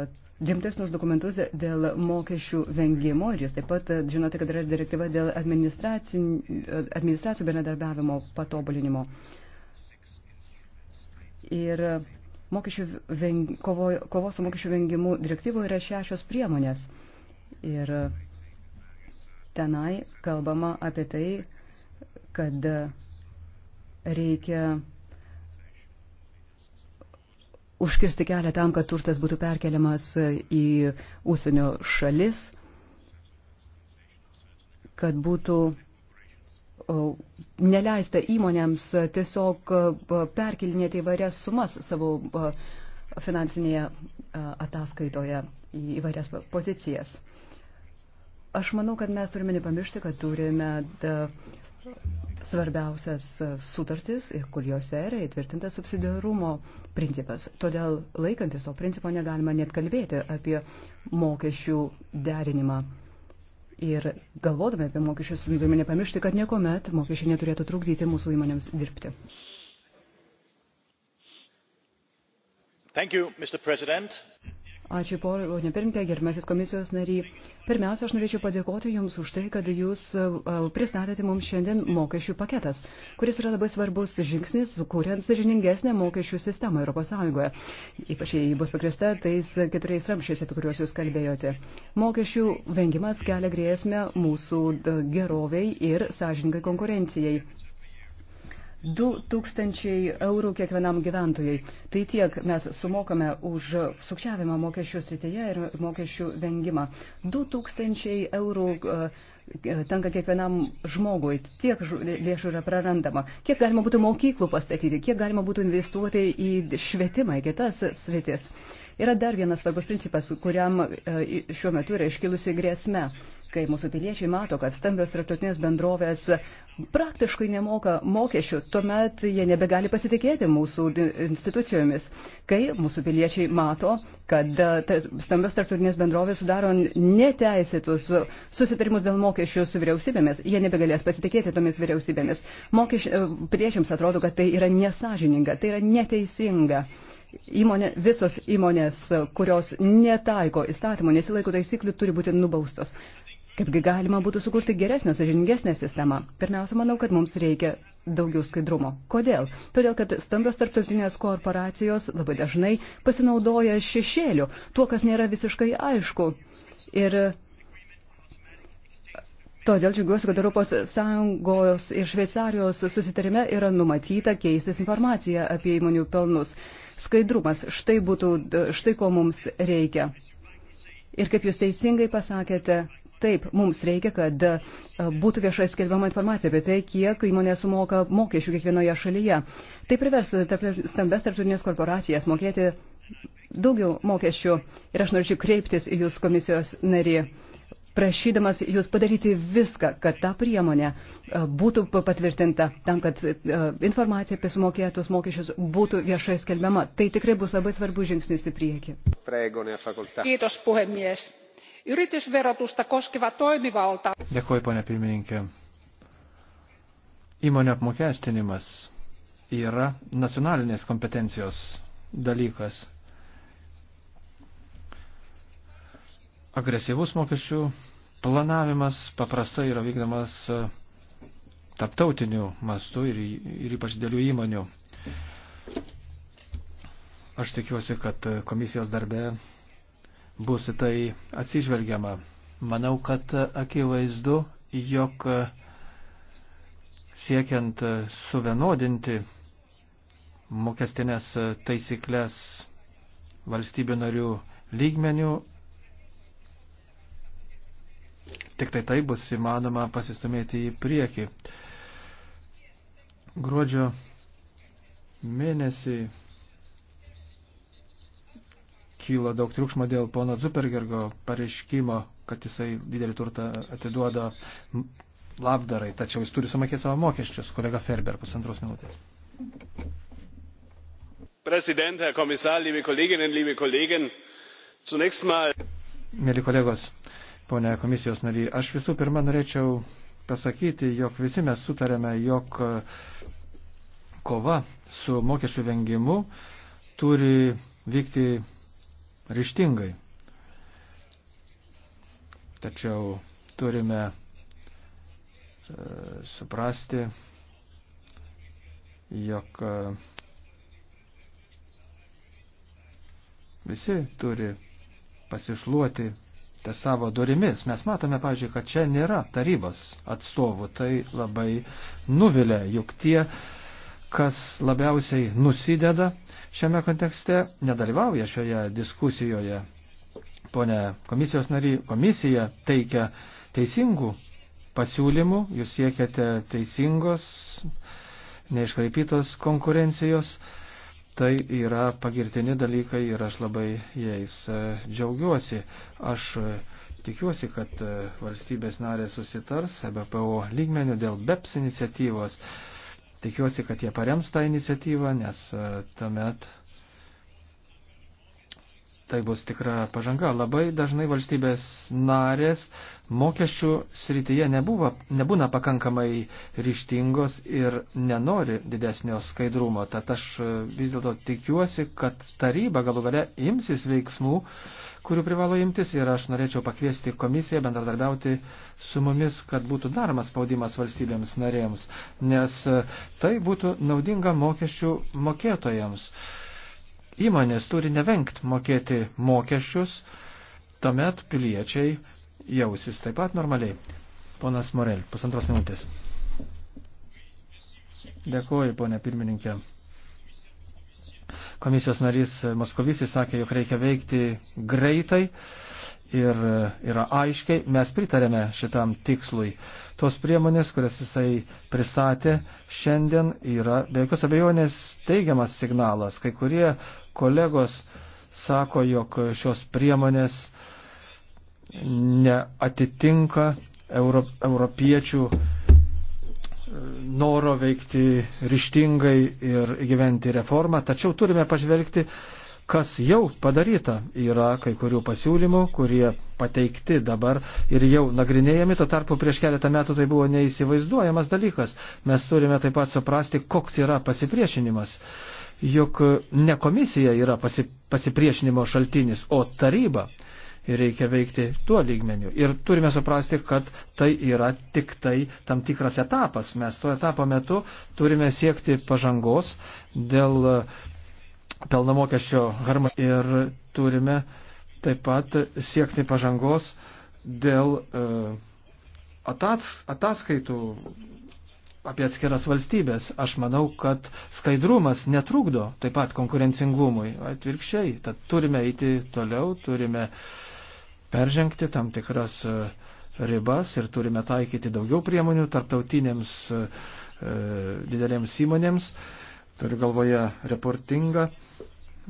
rimtesnius dokumentus dėl mokesčių vengimo ir jūs taip pat žinote, kad yra direktyva dėl administracijų, administracijų bendradarbiavimo patobulinimo. Uh, Ir veng, kovo, kovos su mokesčių vengimu direktyvoje yra šešios priemonės. Ir tenai kalbama apie tai, kad reikia užkirsti kelią tam, kad turtas būtų perkeliamas į ūsienio šalis, kad būtų E, neleista įmonėms tiesiog e, perkilinėti įvairias sumas savo e, finansinėje ataskaitoje į įvairias pozicijas. Aš manau, kad mes turime nepamiršti, kad turime svarbiausias sutartis ir kur jose yra įtvirtintas subsidiarumo principas. Todėl laikantis to principo negalima net kalbėti apie mokesčių derinimą Ir galvodami apie mokesčius, turime nepamiršti, kad niekuomet mokesčiai neturėtų trukdyti mūsų įmonėms dirbti. You, Ačiū, ponė pirmininkė, gerbiamasis komisijos nary. Pirmiausia, aš norėčiau padėkoti Jums už tai, kad Jūs e, pristatėte mums šiandien mokesčių paketas, kuris yra labai svarbus žingsnis, kuriant sažiningesnę mokesčių sistemą Europos Sąjungoje. Ypač jei bus pakrista tais keturiais ramšiais, apie kuriuos Jūs kalbėjote. Mokesčių vengimas kelia grėsmę mūsų e, geroviai ir sąžininkai konkurencijai 2000 eurų kiekvienam gyventojui. Tai tiek mes sumokame už sukčiavimą mokesčių srityje ir mokesčių vengimą. 2000 eurų e, tenka kiekvienam žmogui, tiek lėšų yra prarandama. Kiek galima būtų mokyklų pastatyti, kiek galima būtų investuoti į švietimą, į kitas sritis. Uh, Yra dar vienas svarbus principas, kuriam e, šiuo metu yra iškilusi grėsme, kai mūsų piliečiai mato, kad stambios tarptautinės bendrovės praktiškai nemoka mokesčių, tuomet jie nebegali pasitikėti mūsų institucijomis, kai mūsų piliečiai mato, kad e, stambios tarptautinės bendrovės sudaro neteisėtus susitarimus dėl mokesčių su vyriausybėmis, jie nebegalės pasitikėti tomis vyriausybėmis. Mokesčių, e, piliečiams atrodo, kad tai yra nesažininga, tai yra neteisinga. Įmonė, visos įmonės, kurios netaiko įstatymų, nesilaiko taisyklių, turi būti nubaustos. Kaipgi galima būtų sukurti geresnę, sažiningesnę sistemą? Pirmiausia, manau, kad mums reikia daugiau skaidrumo. Kodėl? Todėl, kad stambios tarptautinės korporacijos labai dažnai pasinaudoja šešėliu, tuo, kas nėra visiškai aišku. Ir Todėl džiugiuosi, kad Europos Sąjungos ir Šveicarijos susitarime yra numatyta keistis informacija apie įmonių pelnus. Skaidrumas. Štai, būtų, štai ko mums reikia. Ir kaip jūs teisingai pasakėte, taip, mums reikia, kad e, būtų viešai skelbiama informacija apie tai, kiek įmonė sumoka mokesčių kiekvienoje šalyje. Tai privers stambes tarptautinės korporacijas mokėti daugiau mokesčių. Ir aš norėčiau kreiptis į jūs komisijos narį prašydamas jūs padaryti viską, kad ta priemonė e, būtų patvirtinta tam, kad e, informacija apie sumokėtus mokesčius būtų viešai skelbiama. Tai tikrai bus labai svarbus žingsnis į priekį. Kiitos puhemies. Yritysverotusta koskeva toimivalta. Dėkuoju, ponė pirmininkė. Įmonė apmokestinimas yra nacionalinės kompetencijos dalykas. agresyvus mokesčių planavimas paprastai yra vykdomas e, taptautiniu mastu ir, ir ypač dėlių įmonių. Aš tikiuosi, kad komisijos darbe bus į tai atsižvelgiama. Manau, kad akivaizdu, jog siekiant suvienodinti mokestinės taisyklės valstybių narių lygmenių Tik tai tai bus įmanoma pasistumėti į priekį. Gruodžio mėnesį kyla daug triukšmo dėl pono Zupergergo pareiškimo, kad jisai didelį turtą atiduoda labdarai, tačiau jis turi sumokėti savo mokesčius. Kolega Ferber, pusantros minutės. Prezident, Herr Kommissar, liebe Kolleginnen, liebe Kollegen, zunächst mal. Mėly kolegos, ponė komisijos nary. Aš visų pirma norėčiau pasakyti, jog visi mes sutarėme, jog e, kova su mokesčių vengimu turi vykti ryštingai. Tačiau turime e, suprasti, jog e, visi turi pasišluoti savo durimis. Mes matome, pažiūrėjau, kad čia nėra tarybos atstovų. Tai labai nuvilia, juk tie, kas labiausiai nusideda šiame kontekste, nedalyvauja šioje diskusijoje. Pone komisijos nary, komisija teikia teisingų pasiūlymų, jūs siekiate teisingos, neiškraipytos konkurencijos. Tai yra pagirtini dalykai ir aš labai jais e, džiaugiuosi. Aš e, tikiuosi, kad e, valstybės narės susitars BPO lygmenių dėl BEPS iniciatyvos. Tikiuosi, kad jie parems tą iniciatyvą, nes tuomet tai bus tikra pažanga. Labai dažnai valstybės narės uh, mokesčių srityje nebuvo, nebūna pakankamai ryštingos ir nenori didesnio skaidrumo. Tad aš e, vis dėlto tikiuosi, kad taryba galų gale imsis veiksmų, kurių privalo imtis ir aš norėčiau pakviesti komisiją bendradarbiauti su mumis, kad būtų daromas spaudimas valstybėms narėms, nes e, tai būtų naudinga mokesčių mokėtojams. Įmonės turi nevengti mokėti mokesčius, tuomet piliečiai jausis taip pat normaliai. Ponas Morel, pusantros minutės. Dėkuoju, ponė pirmininkė. Komisijos narys Moskovisis sakė, jog reikia veikti greitai ir e, yra aiškiai, mes pritarėme šitam tikslui. Tos priemonės, kurias jisai pristatė, šiandien yra be jokios abejonės teigiamas signalas. Kai kurie kolegos sako, jog šios priemonės uh, neatitinka euro, europiečių e, noro veikti ryštingai ir įgyventi reformą, tačiau turime pažvelgti, kas jau padaryta. Yra kai kurių pasiūlymų, kurie pateikti dabar ir jau nagrinėjami, to tarpu prieš keletą metų tai buvo neįsivaizduojamas dalykas. Mes turime taip pat suprasti, koks yra pasipriešinimas. Juk ne komisija yra pasipriešinimo šaltinis, o taryba ir reikia veikti tuo lygmeniu. Ir turime suprasti, kad tai yra tik tai tam tikras etapas. Mes tuo etapo metu turime siekti pažangos dėl pelno mokesčio harmonijos ir turime taip pat siekti pažangos dėl e, ataskaitų apie atskiras valstybės. Aš manau, kad skaidrumas netrukdo taip pat konkurencingumui. Atvirkščiai, tad turime eiti toliau, turime uh, peržengti tam tikras e, ribas ir turime taikyti daugiau priemonių tarptautinėms e, e, didelėms įmonėms. Turiu galvoje reportingą,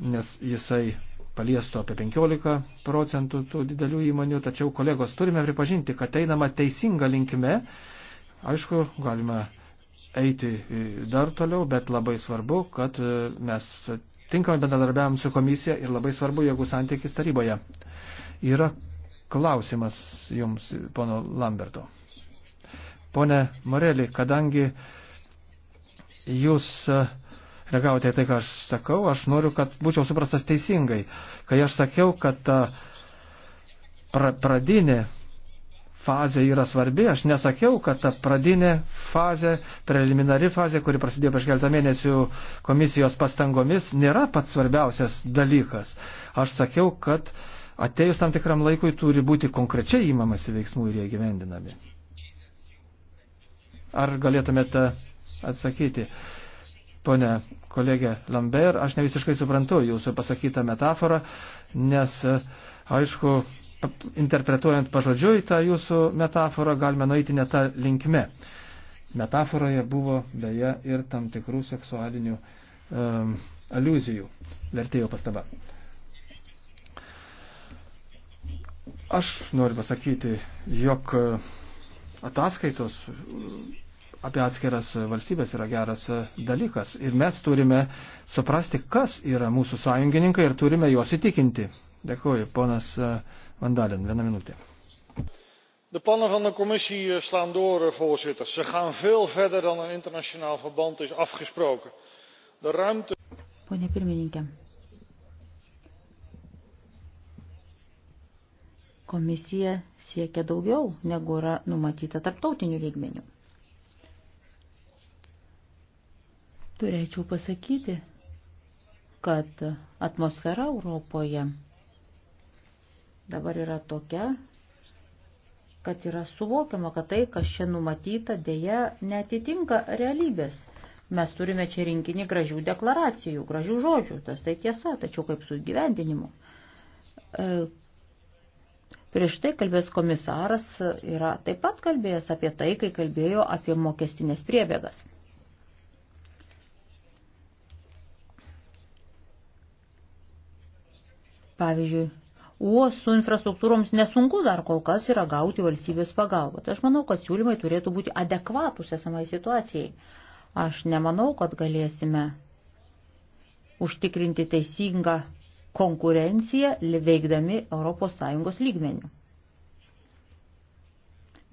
nes jisai paliestų apie 15 procentų tų didelių įmonių, tačiau kolegos turime pripažinti, kad einama teisinga linkme. Aišku, galima eiti e, dar toliau, bet labai svarbu, kad mes tinkamai bendradarbiavam su komisija ir labai svarbu, jeigu santykis taryboje yra klausimas jums, pono Lamberto. Pone Moreli, kadangi jūs e, reagavote tai, ką aš sakau, aš noriu, kad būčiau suprastas teisingai. Kai aš sakiau, kad e, pra, pradinė fazė yra svarbi, aš nesakiau, kad ta pradinė fazė, preliminari fazė, kuri prasidėjo prieš keletą mėnesių komisijos pastangomis, nėra pats svarbiausias dalykas. Aš sakiau, kad uh, atėjus tam tikram laikui turi būti konkrečiai įmamasi veiksmų ir jie gyvendinami. Ar galėtumėte atsakyti, ponė kolegė Lambert, aš ne visiškai suprantu jūsų pasakytą metaforą, nes aišku, interpretuojant pažodžiui tą jūsų metaforą, galime nueiti ne tą linkme. Metaforoje buvo beje ir tam tikrų seksualinių um, aliuzijų, vertėjo pastaba. Aš noriu pasakyti, jog e, ataskaitos e, apie atskiras valstybės yra geras e, dalykas. Ir mes turime suprasti, kas yra mūsų sąjungininkai ir turime juos įtikinti. Dėkuoju, ponas Vandalin, vieną minutę. De plannen van de commissie eh, slaan door, eh, voorzitter. Ze gaan veel verder dan een internationaal verband is afgesproken. De ruimte. Pone pirmininkė, Komisija siekia daugiau, negu yra numatyta tarptautinių lygmenių. Turėčiau pasakyti, kad atmosfera Europoje dabar yra tokia, kad yra suvokiama, kad tai, kas čia numatyta, dėja netitinka realybės. Mes turime čia rinkinį gražių deklaracijų, gražių žodžių, tas tai tiesa, tačiau kaip su gyvendinimu. E, Prieš tai kalbės komisaras yra taip pat kalbėjęs apie tai, kai kalbėjo apie mokestinės priebėgas. Pavyzdžiui, uostų infrastruktūroms nesunku dar kol kas yra gauti valstybės pagalbą. Tai aš manau, kad siūlymai turėtų būti adekvatus esamai situacijai. Aš nemanau, kad galėsime užtikrinti teisingą konkurenciją veikdami ES lygmenių.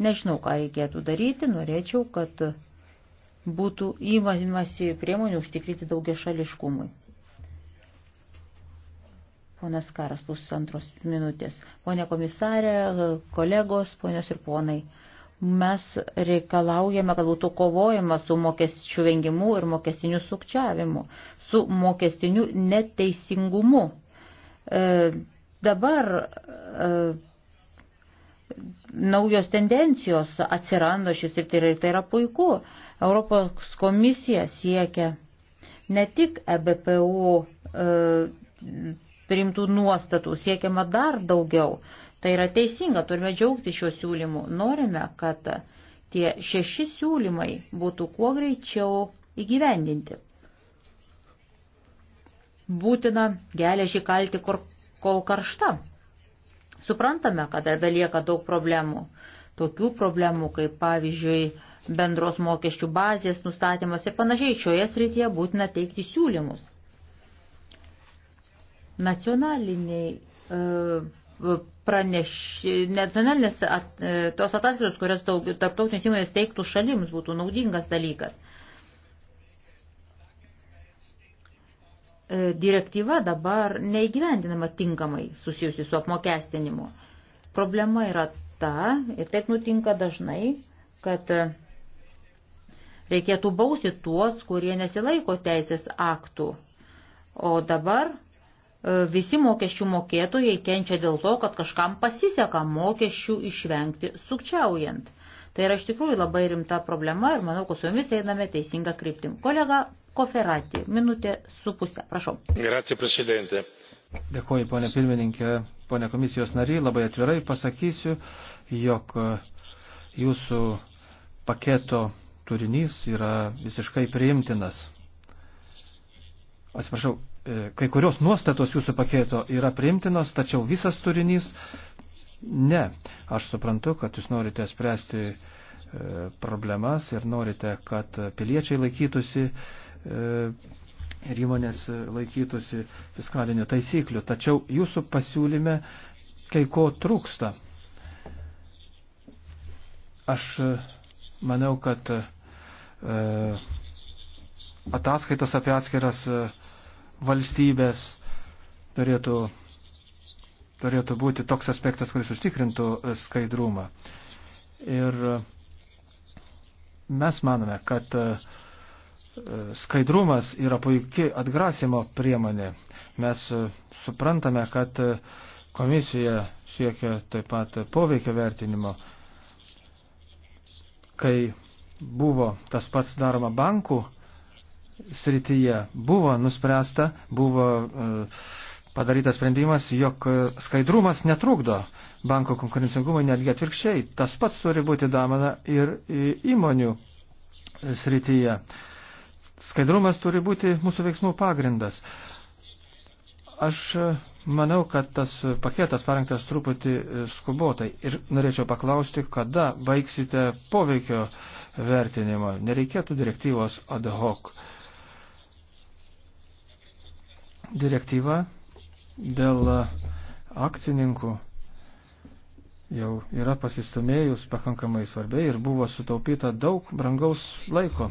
Nežinau, ką reikėtų daryti, norėčiau, kad būtų įmasi priemonių užtikrinti daugia šališkumui. Ponas Karas pusantros minutės. Pone komisarė, kolegos, ponios ir ponai, mes reikalaujame, kad būtų kovojama su mokesčių vengimu ir mokestiniu sukčiavimu, su mokestiniu neteisingumu E, dabar e, naujos tendencijos atsiranda šis tai, ir tai yra puiku. Europos komisija siekia ne tik EBPO e, priimtų nuostatų, siekiama dar daugiau. Tai yra teisinga, turime džiaugti šiuo siūlymu. Norime, kad tie šeši siūlymai būtų kuo greičiau įgyvendinti būtina geležį kalti kur, kol karšta. Suprantame, kad dar belieka daug problemų. Tokių problemų, kaip pavyzdžiui, bendros mokesčių bazės nustatymas ir panašiai, šioje srityje būtina teikti siūlymus. Nacionaliniai e, praneš, nacionalinės at, e, tos ataskaitos, kurias tarptautinės įmonės teiktų šalims, būtų naudingas dalykas. E, direktyva dabar neįgyvendinama tinkamai susijusi su apmokestinimu. Problema yra ta, ir taip nutinka dažnai, kad e, reikėtų bausti tuos, kurie nesilaiko teisės aktų. O dabar e, visi mokesčių mokėtojai kenčia dėl to, kad kažkam pasiseka mokesčių išvengti sukčiaujant. Tai yra iš tikrųjų labai rimta problema ir manau, kad su jumis einame teisinga kryptim. Kolega Koferati, minutė su pusė, prašau. Grazie, prezidentė. Dėkuoju, ponė pirmininkė, ponė komisijos nariai, labai atvirai pasakysiu, jog e, jūsų paketo turinys yra visiškai priimtinas. Atsiprašau, e, kai kurios nuostatos jūsų paketo yra priimtinos, tačiau visas turinys ne. Aš suprantu, kad jūs norite spręsti e, problemas ir norite, kad piliečiai laikytųsi E, ir įmonės laikytųsi fiskalinių taisyklių. Tačiau jūsų pasiūlyme kai ko trūksta. Aš e, manau, kad e, ataskaitos apie atskiras valstybės turėtų, turėtų būti toks aspektas, kuris užtikrintų skaidrumą. Ir mes manome, kad uh, Skaidrumas yra puikiai atgrasimo priemonė. Mes e, suprantame, kad e, komisija siekia taip pat poveikio vertinimo. Kai buvo tas pats daroma bankų srityje, buvo nuspręsta, buvo e, padarytas sprendimas, jog skaidrumas netrukdo banko konkurencingumui, netgi atvirkščiai. Tas pats turi būti damana ir įmonių srityje. Skaidrumas turi būti mūsų veiksmų pagrindas. Aš e, manau, kad tas paketas parengtas truputį e, skubotai ir norėčiau paklausti, kada baigsite poveikio vertinimą. Nereikėtų direktyvos ad hoc. Direktyva dėl e, akcininkų jau yra pasistumėjus pakankamai svarbiai ir buvo sutaupyta daug brangaus laiko.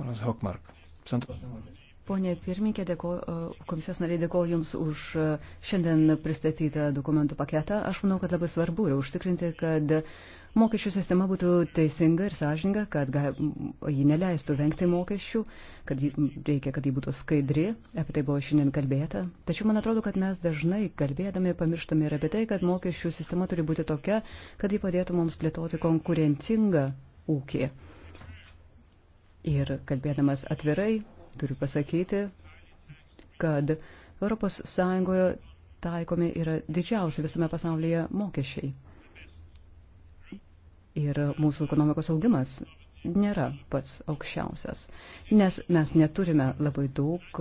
Panas Hokmark. Centros minutės. Pone pirmininkė, dėko, e, komisijos nariai dėkoju Jums už e, šiandien pristatytą dokumentų paketą. Aš manau, kad labai svarbu yra užtikrinti, kad mokesčių sistema būtų teisinga ir sąžininga, kad ji neleistų vengti mokesčių, kad jį, reikia, kad ji būtų skaidri. Apie tai buvo šiandien kalbėta. Tačiau man atrodo, kad mes dažnai kalbėdami pamirštame ir apie tai, kad mokesčių sistema turi būti tokia, kad ji padėtų mums plėtoti konkurencingą ūkį. Ir kalbėdamas atvirai, turiu pasakyti, kad ES taikomi yra didžiausi visame pasaulyje mokesčiai. Ir mūsų ekonomikos augimas nėra pats aukščiausias, nes mes neturime labai daug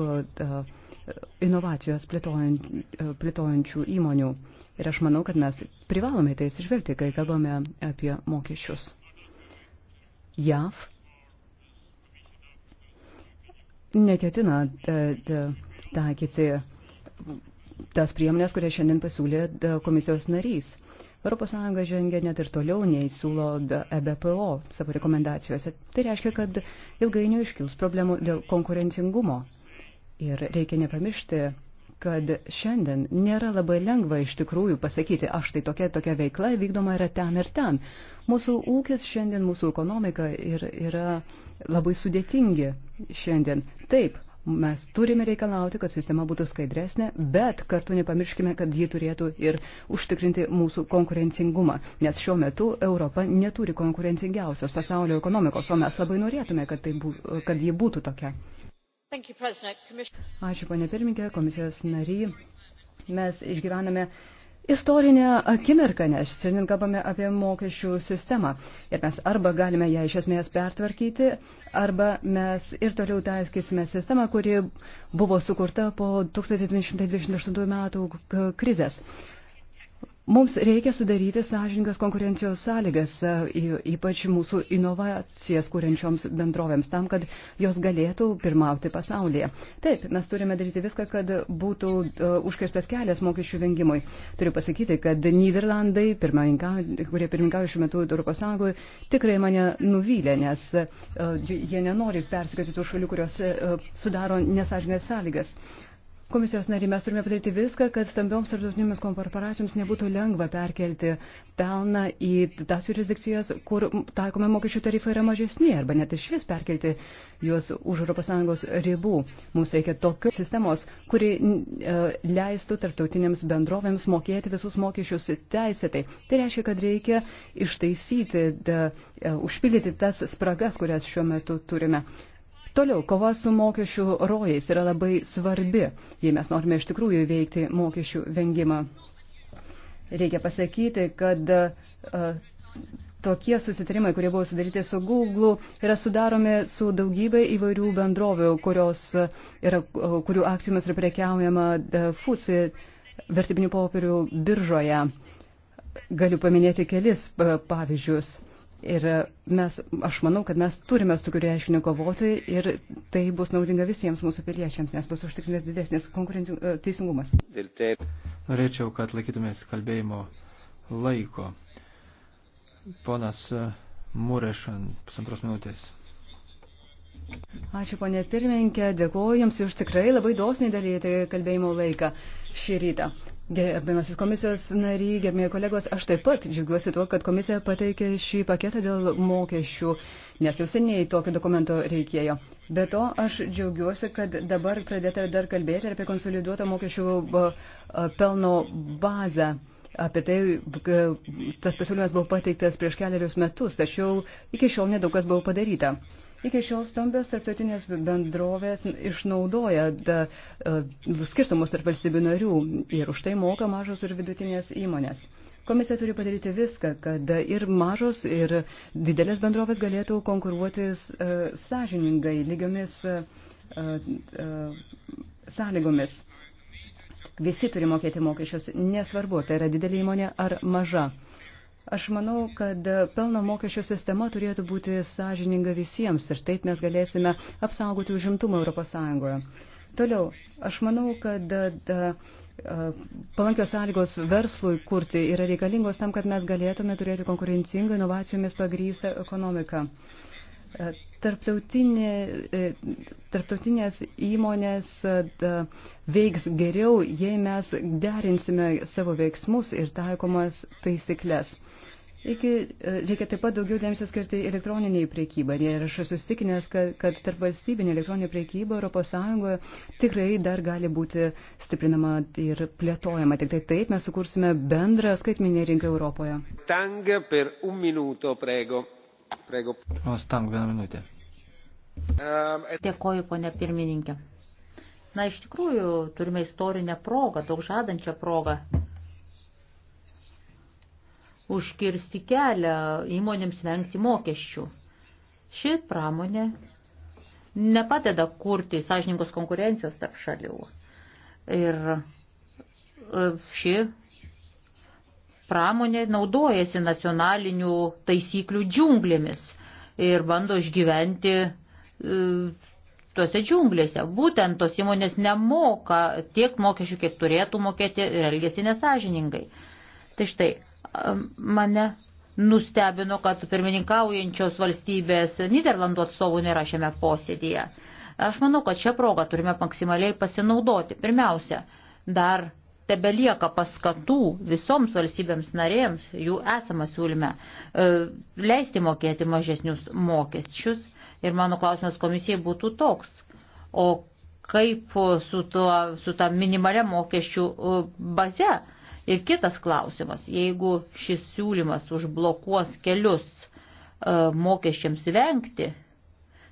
inovacijos plėtojančių įmonių. Ir aš manau, kad mes privalome tai atsižvelgti, kai kalbame apie mokesčius. JAV neketina e, taikyti tas priemonės, kurias šiandien pasiūlė da, komisijos narys. ES žengia net ir toliau nei siūlo EBPO savo rekomendacijose. Tai reiškia, kad ilgainiui iškils problemų dėl konkurencingumo. Ir reikia nepamiršti kad šiandien nėra labai lengva iš tikrųjų pasakyti, aš tai tokia tokia veikla vykdoma yra ten ir ten. Mūsų ūkis šiandien, mūsų ekonomika ir, yra labai sudėtingi šiandien. Taip, mes turime reikalauti, kad sistema būtų skaidresnė, bet kartu nepamirškime, kad ji turėtų ir užtikrinti mūsų konkurencingumą, nes šiuo metu Europa neturi konkurencingiausios pasaulio ekonomikos, o mes labai norėtume, kad, tai bū, kad ji būtų tokia. Ačiū, ponė pirmininkė, komisijos nary. Mes išgyvename istorinę akimirką, nes šiandien kalbame apie mokesčių sistemą. Ir mes arba galime ją iš esmės pertvarkyti, arba mes ir toliau taiskysime sistemą, kuri buvo sukurta po 1928 metų krizės. Mums reikia sudaryti sąžininkas konkurencijos sąlygas, e, ypač mūsų inovacijas kūrenčioms bendrovėms, tam, kad jos galėtų pirmauti pasaulyje. Taip, mes turime daryti viską, kad būtų e, užkirstas kelias mokesčių vengimui. Turiu pasakyti, kad Niderlandai, pirmininka, kurie pirmininkauja šiuo metu Europos Sąjungoje, tikrai mane nuvylė, nes e, jie nenori persikėti tų šalių, kurios sudaro nesažinės sąlygas. Komisijos nariai, mes turime padaryti viską, kad stambioms tarptautinėms korporacijoms nebūtų lengva perkelti pelną į tas jurisdikcijas, kur taikome mokesčių tarifai yra mažesni, arba net iš vis perkelti juos už ES ribų. Mums reikia tokios sistemos, kuri e, leistų tarptautinėms bendrovėms mokėti visus mokesčius teisėtai. Tai reiškia, kad reikia ištaisyti, da, e, užpildyti tas spragas, kurias šiuo metu turime. Toliau, kova su mokesčių rojais yra labai svarbi, jei mes norime iš tikrųjų veikti mokesčių vengimą. Reikia pasakyti, kad uh, tokie susitarimai, kurie buvo sudaryti su Google, yra sudaromi su daugybė įvairių bendrovių, kurios yra, kurių akcijomis yra prekiaujama FUCI vertybinių popierių biržoje. Galiu paminėti kelis pavyzdžius. Ir mes, aš manau, kad mes turime su tokiu reiškiniu kovoti ir tai bus naudinga visiems mūsų piliečiams, nes bus užtikrintas didesnis konkurencijų e, teisingumas. Norėčiau, kad laikytumės kalbėjimo laiko. Ponas e, Murešan, pusantros minutės. Ačiū, ponė pirmininkė, dėkuoju Jums už tikrai labai dosniai dalyjate kalbėjimo laiką šį rytą. Gerbiamasis komisijos nariai, gerbėjai kolegos, aš taip pat džiaugiuosi tuo, kad komisija pateikė šį paketą dėl mokesčių, nes jau seniai tokio dokumento reikėjo. Be to, aš džiaugiuosi, kad dabar pradėta dar kalbėti apie konsoliduotą mokesčių pelno bazę. Apie tai tas pasiūlymas buvo pateiktas prieš keliarius metus, tačiau iki šiol nedaug kas buvo padaryta. Iki šiol stambios tarptautinės bendrovės išnaudoja da, e, skirtumus tarp valstybių narių ir už tai moka mažos ir vidutinės įmonės. Komisija turi padaryti viską, kad ir mažos, ir didelės bendrovės galėtų konkuruotis uh, e, sąžiningai, lygiomis uh, uh, sąlygomis. Visi turi mokėti mokesčius, nesvarbu, tai yra didelė įmonė ar maža. Uh, Aš manau, kad pelno mokesčio sistema turėtų būti sąžininga visiems ir taip mes galėsime apsaugoti užimtumą Europos Sąjungoje. Toliau, aš manau, kad da, palankios sąlygos verslui kurti yra reikalingos tam, kad mes galėtume turėti konkurencingą inovacijomis pagrystą ekonomiką. Tarptautinė, e, tarptautinės įmonės da, veiks geriau, jei mes derinsime savo veiksmus ir taikomas taisyklės. Iki, e, reikia taip pat daugiau dėmesio skirti elektroniniai priekybai. Ir aš esu stikinęs, kad, kad tarp valstybinė elektroninė priekyba ES tikrai dar gali būti stiprinama ir plėtojama. Tik tai taip mes sukursime bendrą skaitminę rinką Europoje. Tang per un minuto, prego. prego. O, stang vieną minutę. Ehm, Dėkoju, ponė pirmininkė. Na, iš tikrųjų, turime istorinę progą, daug žadančią progą užkirsti kelią įmonėms vengti mokesčių. Ši pramonė nepadeda kurti sąžininkos konkurencijos tarp šalių. Ir e, ši pramonė naudojasi nacionalinių taisyklių džiunglėmis ir bando išgyventi e, tose džiunglėse. Būtent tos įmonės nemoka tiek mokesčių, kiek turėtų mokėti ir elgesi nesažiningai. Tai štai, mane nustebino, kad pirmininkaujančios valstybės Niderlandų atstovų nėra šiame posėdėje. Aš manau, kad šią progą turime maksimaliai pasinaudoti. Pirmiausia, dar tebe lieka paskatų visoms valstybėms narėms, jų esama siūlyme, e, leisti mokėti mažesnius mokesčius. Ir mano klausimas komisijai būtų toks. O kaip su, tuo, su ta minimalia mokesčių e, baze? Ir kitas klausimas, jeigu šis siūlymas užblokuos kelius e, mokesčiams vengti,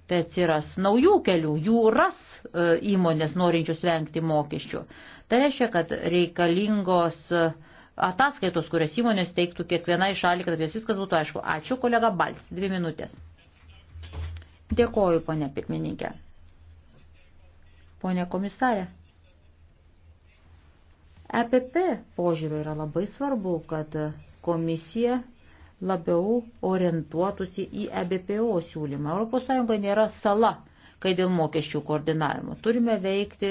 tai atsiras naujų kelių, jų ras e, įmonės norinčius vengti mokesčių. Tai reiškia, kad reikalingos e, ataskaitos, kurias įmonės teiktų kiekvienai šaliai, kad apie viskas būtų aišku. Ačiū, kolega Balts, dvi minutės. Dėkoju, ponė pirmininkė. Pone komisarė. EPP požiūriu yra labai svarbu, kad komisija labiau orientuotųsi į EBPO siūlymą. ES nėra sala, kai dėl mokesčių koordinavimo. Turime veikti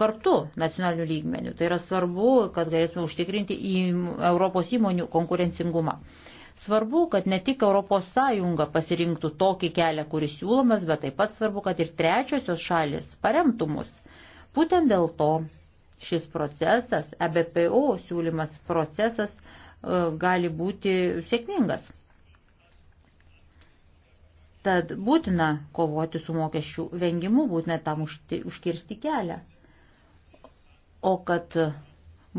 kartu nacionalinių lygmenių. Tai yra svarbu, kad galėsime užtikrinti į Europos įmonių konkurencingumą. Svarbu, kad ne tik ES pasirinktų tokį kelią, kuris siūlomas, bet taip pat svarbu, kad ir trečiosios šalis paremtų mus. Būtent dėl to šis procesas, EBPO siūlymas procesas e, gali būti sėkmingas. Tad būtina kovoti su mokesčių vengimu, būtina tam užkirsti kelią. O kad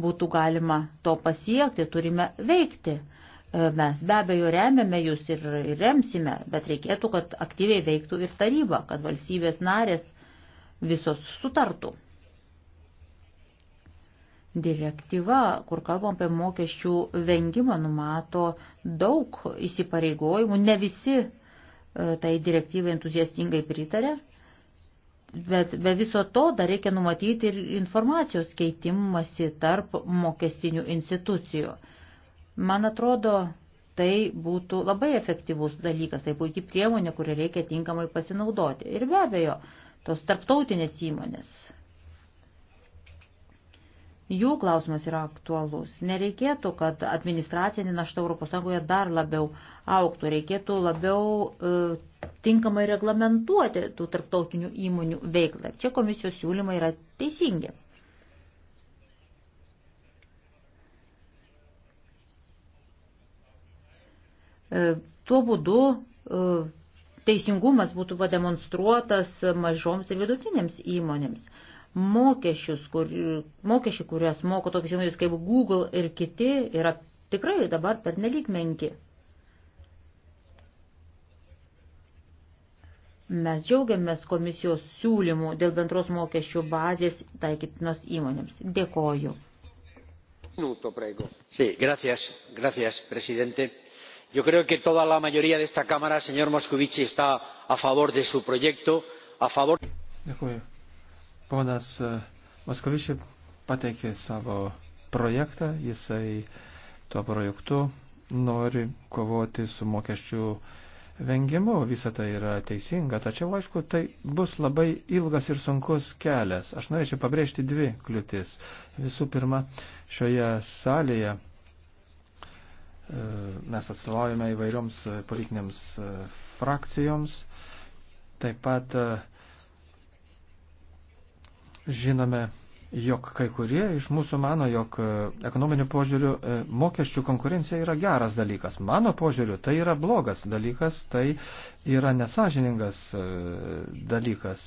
būtų galima to pasiekti, turime veikti. E, mes be abejo remiame jūs ir, ir remsime, bet reikėtų, kad aktyviai veiktų ir taryba, kad valstybės narės visos sutartų. Direktyva, kur kalbam apie mokesčių vengimą, numato daug įsipareigojimų. Ne visi e, tai direktyvai entuziastingai pritarė, bet be viso to dar reikia numatyti ir informacijos keitimasi tarp mokestinių institucijų. Man atrodo, tai būtų labai efektyvus dalykas, tai puikiai priemonė, kurią reikia tinkamai pasinaudoti. Ir be abejo, tos tarptautinės įmonės jų klausimas yra aktualus. Nereikėtų, kad administracinė našta ES dar labiau auktų, reikėtų labiau e, tinkamai reglamentuoti tų tarptautinių įmonių veiklą. Čia komisijos siūlymai yra teisingi. E, tuo būdu e, teisingumas būtų pademonstruotas mažoms ir vidutinėms įmonėms. E, mokesčius, kur, mokesčių, kurias moko tokius įmonės kaip Google ir kiti, yra tikrai dabar per nelik menki. Mes džiaugiamės komisijos siūlymų dėl bendros mokesčių bazės taikytinos įmonėms. Dėkoju. Minuto, prego. Sí, gracias, gracias, presidente. Yo creo que toda la mayoría de esta Cámara, señor Moscovici, está a favor de su proyecto, a favor. Dėkoju Ponas e, Moskovičiai pateikė savo projektą, jisai tuo projektu nori kovoti su mokesčių vengimu, visa tai yra teisinga, tačiau aišku, tai bus labai ilgas ir sunkus kelias. Aš norėčiau pabrėžti dvi kliūtis. Visų pirma, šioje salėje e, mes atstovaujame įvairioms politinėms e, frakcijoms, taip pat Žinome, jog kai kurie iš mūsų mano, jog e, ekonominiu požiūriu e, mokesčių konkurencija yra geras dalykas. Mano požiūriu tai yra blogas dalykas, tai yra nesažiningas e, dalykas.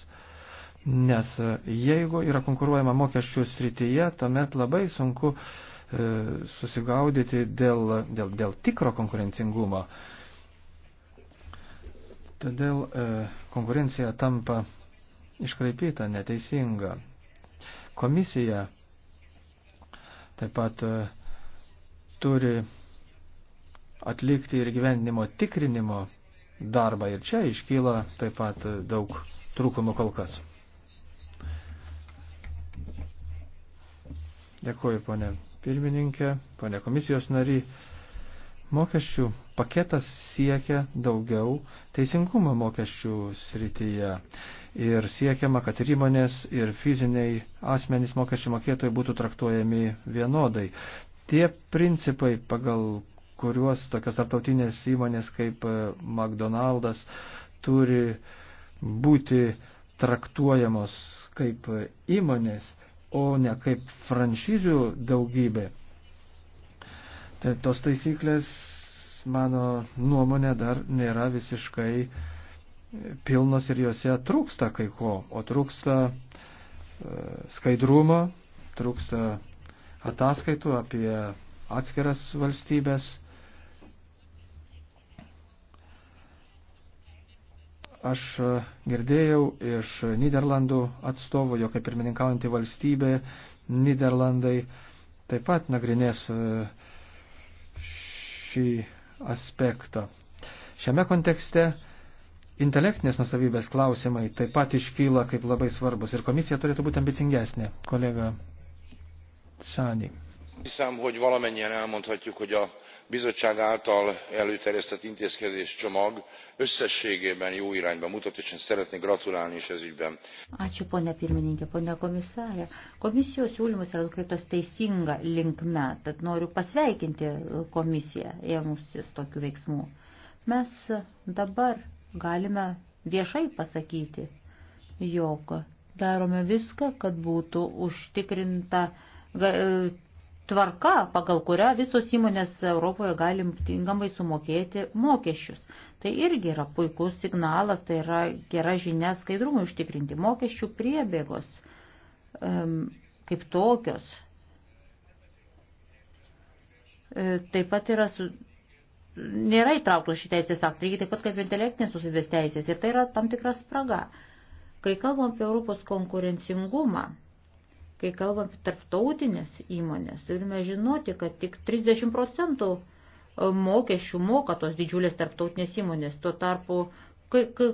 Nes jeigu yra konkuruojama mokesčių srityje, tuomet labai sunku susigaudyti dėl, dėl, dėl tikro konkurencingumo. Todėl konkurencija tampa iškraipyta, neteisinga. Komisija taip pat e, turi atlikti ir gyvendinimo tikrinimo darbą ir čia iškyla taip pat daug trūkumų kol kas. Dėkuoju, ponė pirmininkė, ponė komisijos nary. Mokesčių paketas siekia daugiau teisingumo mokesčių srityje ir siekiama, kad ir įmonės, ir fiziniai asmenys mokesčių mokėtojai būtų traktuojami vienodai. Tie principai, pagal kuriuos tokios tarptautinės įmonės kaip e, McDonald's turi būti traktuojamos kaip e, įmonės, o ne kaip franšizių daugybė. Tai tos taisyklės, mano nuomonė, dar nėra visiškai uh, pilnos ir juose trūksta kai ko, o trūksta e, skaidrumo, trūksta ataskaitų apie atskiras valstybės. Aš e, girdėjau iš Niderlandų atstovų, jog kaip pirmininkaujantį valstybę Niderlandai taip pat nagrinės e, šį aspektą. Šiame kontekste Intelektinės nusavybės klausimai taip pat iškyla kaip labai svarbus ir komisija turėtų būti ambicingesnė. Kolega Sani. Hiszem, hogy valamennyien elmondhatjuk, hogy a bizottság által előterjesztett intézkedés csomag összességében jó irányba mutat, és én szeretnék gratulálni is ez ügyben. Ačiū, ponia pirmininkė, ponia komisarė. Komisijos siūlymas yra nukreiptas teisinga linkme, tad noriu pasveikinti komisiją ėmusis tokių veiksmų. Mes dabar galime viešai pasakyti, jog darome viską, kad būtų užtikrinta e, tvarka, pagal kurią visos įmonės Europoje galim tinkamai sumokėti mokesčius. Tai irgi yra puikus signalas, tai yra gera žinia skaidrumui užtikrinti mokesčių priebėgos um, kaip tokios. E, taip pat yra su, nėra įtrauktos šį teisės aktą, lygiai taip pat kaip intelektinės susivės teisės. Ir tai yra tam tikras spraga. Kai kalbam apie Europos konkurencingumą, kai kalbam apie tarptautinės įmonės, turime žinoti, kad tik 30 procentų e, mokesčių moka tos didžiulės tarptautinės įmonės. Tuo tarpu, kaip kai,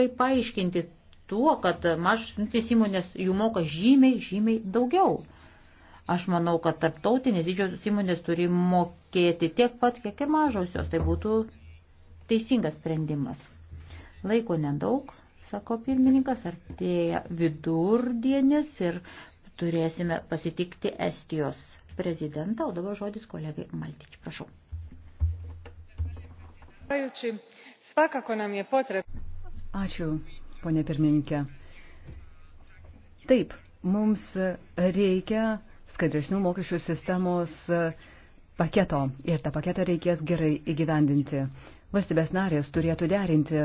kai paaiškinti tuo, kad mažas įmonės jų moka žymiai, žymiai daugiau. Aš manau, kad tarptautinės didžiosios įmonės turi mokėti tiek pat, kiek ir mažosios. Tai būtų teisingas sprendimas. Laiko nedaug, sako pirmininkas, artėja vidurdienis ir turėsime pasitikti Estijos prezidentą. O dabar žodis kolegai Maltič, prašau. Ačiū, ponė pirmininkė. Taip, mums reikia skaidresnių mokesčių sistemos e, paketo ir tą paketą reikės gerai įgyvendinti. Valstybės narės turėtų derinti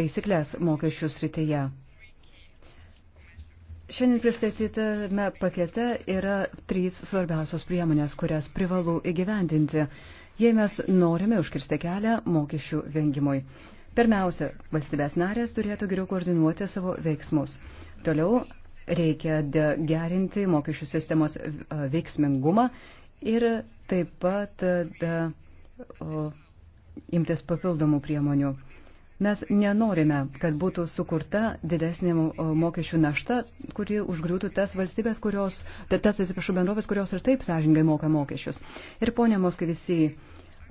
taisyklės mokesčių srityje. Šiandien pristatytame pakete yra trys svarbiausios priemonės, kurias privalu įgyvendinti, jei mes norime užkirsti kelią mokesčių vengimui. Pirmiausia, valstybės narės turėtų geriau koordinuoti savo veiksmus. Toliau Reikia gerinti mokesčių sistemos e, veiksmingumą ir taip pat e, da, o, imtis papildomų priemonių. Mes nenorime, kad būtų sukurta didesnė mokesčių našta, kuri užgriūtų tas valstybės, kurios, tas, atsiprašau, bendrovės, kurios ir taip sąžingai moka mokesčius. Ir ponė Moskvisi,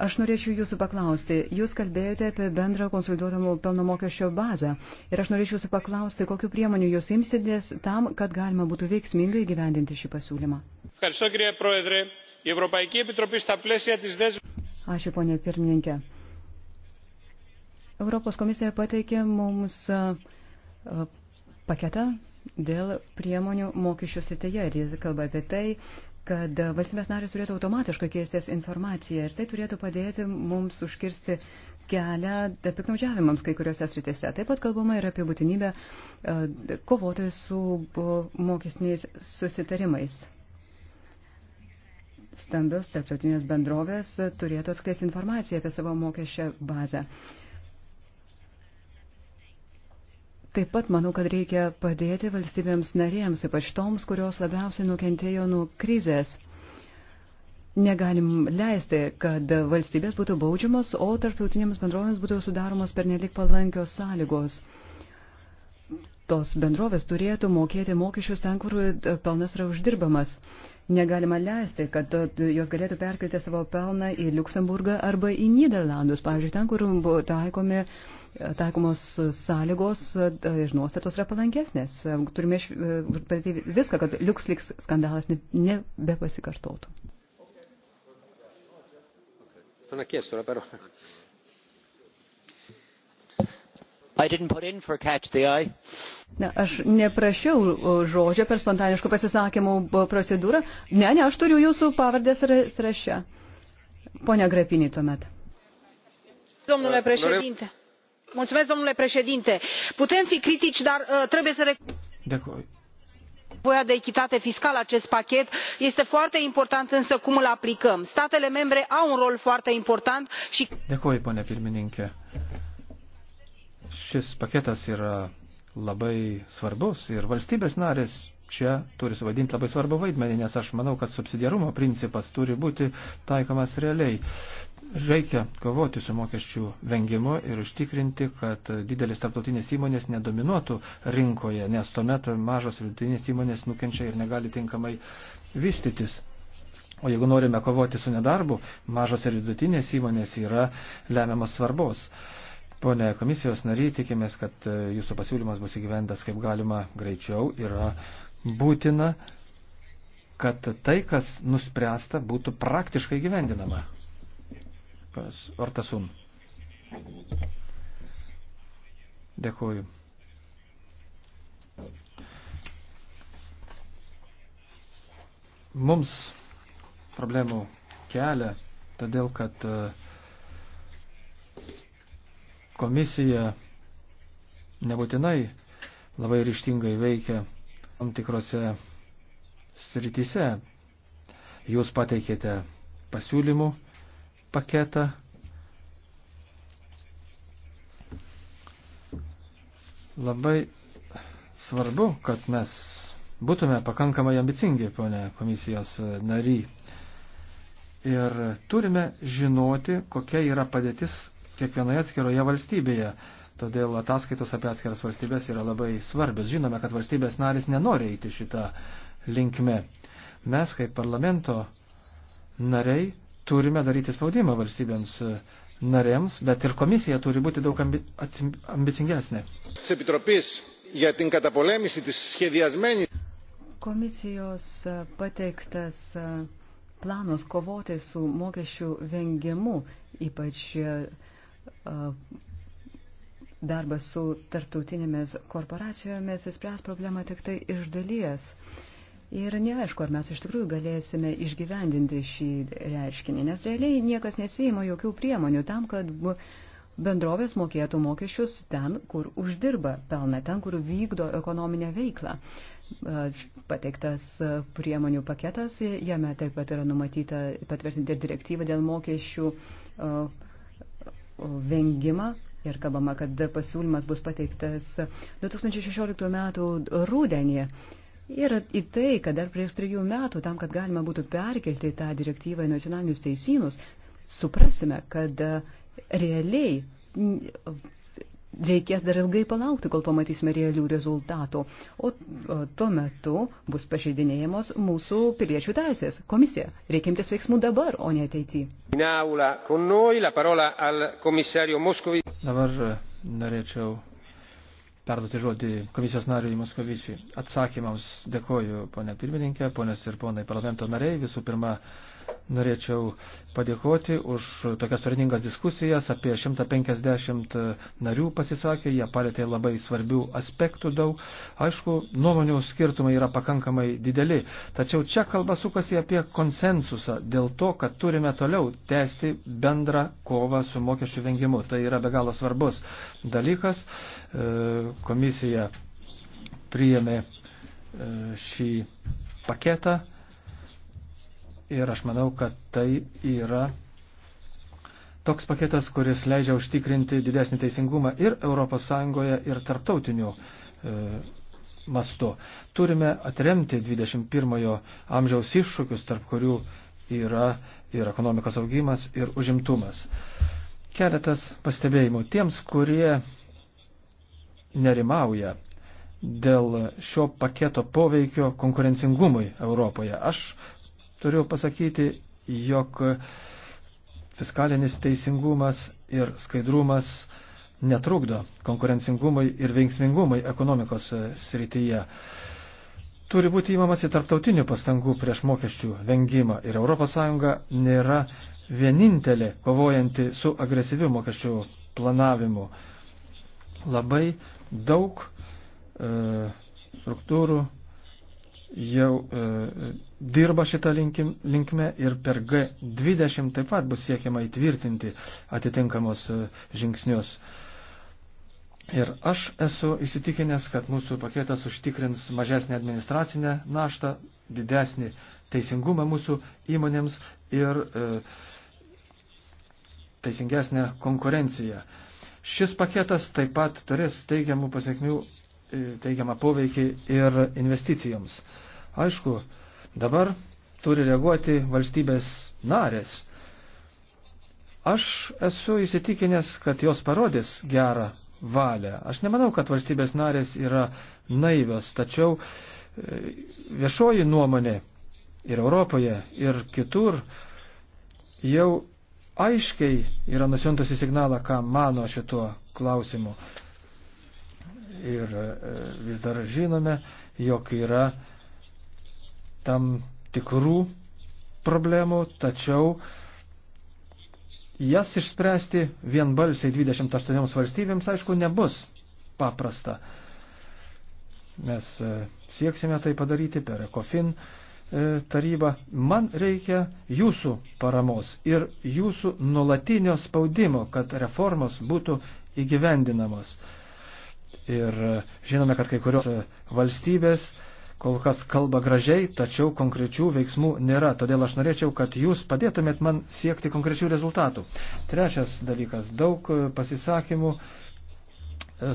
Aš norėčiau jūsų paklausti, jūs kalbėjote apie bendrą konsoliduotamų pelno mokesčio bazą ir aš norėčiau jūsų paklausti, kokiu priemoniu jūs imsitės tam, kad galima būtų veiksmingai gyvendinti šį pasiūlymą. Ačiū, ponė pirmininkė. Europos komisija pateikė mums paketą dėl priemonių mokesčių srityje ir jis kalba apie tai, kad valstybės narės turėtų automatiškai keistis informaciją ir tai turėtų padėti mums užkirsti kelią piknaudžiavimams kai kuriuose sritise. Taip pat kalbama ir apie būtinybę e, kovoti su e, mokesniais susitarimais. Stambios tarptautinės bendrovės turėtų atskleisti informaciją apie savo mokesčio bazę. Taip pat manau, kad reikia padėti valstybėms narėms, ypač toms, kurios labiausiai nukentėjo nuo krizės. Negalim leisti, kad valstybės būtų baudžiamas, o tarptautinėms bendrovėms būtų sudaromos pernelik palankios sąlygos. Tos bendrovės turėtų mokėti mokesčius ten, kur pelnas yra uždirbamas. Negalima leisti, kad jos galėtų perkelti savo pelną į Luksemburgą arba į Niderlandus, pavyzdžiui, ten, kur buvo taikomi, taikomos sąlygos ir nuostatos yra palankesnės. Turime padaryti viską, kad Luxliks skandalas nebepasikartotų. Ne Na, aš neprašiau žodžio per spontaniškų pasisakymų procedūrą. Ne, ne, aš turiu jūsų pavardės rašę. Pone Grapinį tuomet. Domnule președinte. Mulțumesc, domnule președinte. Putem fi critici, dar uh, trebuie să recunoaștem nevoia de echitate fiscală acest pachet este foarte important însă cum îl aplicăm. statele membre au un rol foarte important și. dėkoju pone pirmininke Šis paketas yra labai svarbus ir valstybės narės čia turi suvaidinti labai svarbu vaidmenį, nes aš manau, kad subsidiarumo principas turi būti taikomas realiai. Reikia kovoti su mokesčių vengimu ir užtikrinti, kad didelis tarptautinės įmonės nedominuotų rinkoje, nes tuomet mažos vidutinės įmonės nukenčia ir negali tinkamai vystytis. O jeigu norime kovoti su nedarbu, mažos ir vidutinės įmonės yra lemiamas svarbos. Uh, Pone komisijos nariai, tikimės, kad e, jūsų pasiūlymas bus įgyvendas kaip galima greičiau. Yra būtina, kad tai, kas nuspręsta, būtų praktiškai gyvendinama. Pas Ortasun. Dėkuoju. Mums problemų kelia, todėl kad uh, komisija nebūtinai labai ryštingai veikia tam tikrose srityse. Jūs pateikėte pasiūlymų paketą. Labai svarbu, kad mes būtume pakankamai ambicingi, ponė komisijos nary. Ir turime žinoti, kokia yra padėtis kiekvienoje atskiroje valstybėje. Todėl ataskaitos apie atskiras valstybės yra labai svarbios. Žinome, kad valstybės narys nenori eiti šitą linkme. Mes kaip parlamento nariai turime daryti spaudimą valstybėms narėms, bet ir komisija turi būti daug ambi ambicingesnė. Komisijos pateiktas planas kovoti su mokesčių vengimu, ypač darbas su tarptautinėmis korporacijomis įspręs problemą tik tai iš dalies. Ir neaišku, ar mes iš tikrųjų galėsime išgyvendinti šį reiškinį, nes realiai niekas nesijima jokių priemonių tam, kad bendrovės mokėtų mokesčius ten, kur uždirba pelną, ten, kur vykdo ekonominę veiklą. Pateiktas priemonių paketas, jame taip pat yra numatyta patvirtinti ir direktyvą dėl mokesčių uh, vengimą ir kalbama, kad pasiūlymas bus pateiktas 2016 metų rūdienį. Ir į tai, kad dar prieš trijų metų, tam, kad galima būtų perkelti tą direktyvą į nacionalinius teisynus, suprasime, kad realiai reikės dar ilgai palaukti, kol pamatysime realių rezultatų. O tuo metu bus pažeidinėjamos mūsų piliečių teisės. Komisija, reikimtis veiksmų dabar, o ne ateityje. Dabar e, norėčiau perduoti žodį komisijos nariui Moskovičiui. Atsakymams dėkoju, ponė pirmininkė, ponės ir ponai parlamento nariai. Visų pirma, Norėčiau padėkoti už tokias turiningas diskusijas. Apie 150 narių pasisakė, jie palėtė labai svarbių aspektų daug. Aišku, nuomonių skirtumai yra pakankamai dideli. Tačiau čia kalba sukasi apie konsensusą dėl to, kad turime toliau tęsti bendrą kovą su mokesčių vengimu. Tai yra be galo svarbus dalykas. E, komisija priėmė e, šį paketą ir aš manau, kad tai yra toks paketas, kuris leidžia užtikrinti didesnį teisingumą ir ES, ir tarptautiniu e, mastu. Turime atremti 21-ojo amžiaus iššūkius, tarp kurių yra ir ekonomikos augimas, ir užimtumas. Keletas pastebėjimų tiems, kurie nerimauja dėl šio paketo poveikio konkurencingumui Europoje. Aš Turiu pasakyti, jog fiskalinis teisingumas ir skaidrumas netrukdo konkurencingumui ir veiksmingumui ekonomikos e, srityje. Turi būti įmamasi tarptautinių pastangų prieš mokesčių vengimą ir ES nėra vienintelė kovojanti su agresyviu mokesčių planavimu. Labai daug e, struktūrų jau e, dirba šitą linkim, linkme ir per G20 taip pat bus siekiama įtvirtinti atitinkamos e, žingsnius. Ir aš esu įsitikinęs, kad mūsų paketas užtikrins mažesnį administracinę naštą, didesnį teisingumą mūsų įmonėms ir e, teisingesnę konkurenciją. Šis paketas taip pat turės teigiamų pasiekmių teigiamą poveikį ir investicijoms. Aišku, dabar turi reaguoti valstybės narės. Aš esu įsitikinęs, kad jos parodys gerą valią. Aš nemanau, kad valstybės narės yra naivios, tačiau e, viešoji nuomonė ir Europoje, ir kitur jau aiškiai yra nusiuntusi signalą, ką mano šituo klausimu ir e, vis dar žinome, jog yra tam tikrų problemų, tačiau jas išspręsti vienbalsiai 28 valstybėms, aišku, nebus paprasta. Mes e, sieksime tai padaryti per ECOFIN e, tarybą. Man reikia jūsų paramos ir jūsų nulatinio spaudimo, kad reformos būtų įgyvendinamos. Ir žinome, kad kai kurios valstybės kol kas kalba gražiai, tačiau konkrečių veiksmų nėra. Todėl aš norėčiau, kad jūs padėtumėt man siekti konkrečių rezultatų. Trečias dalykas. Daug pasisakymų e,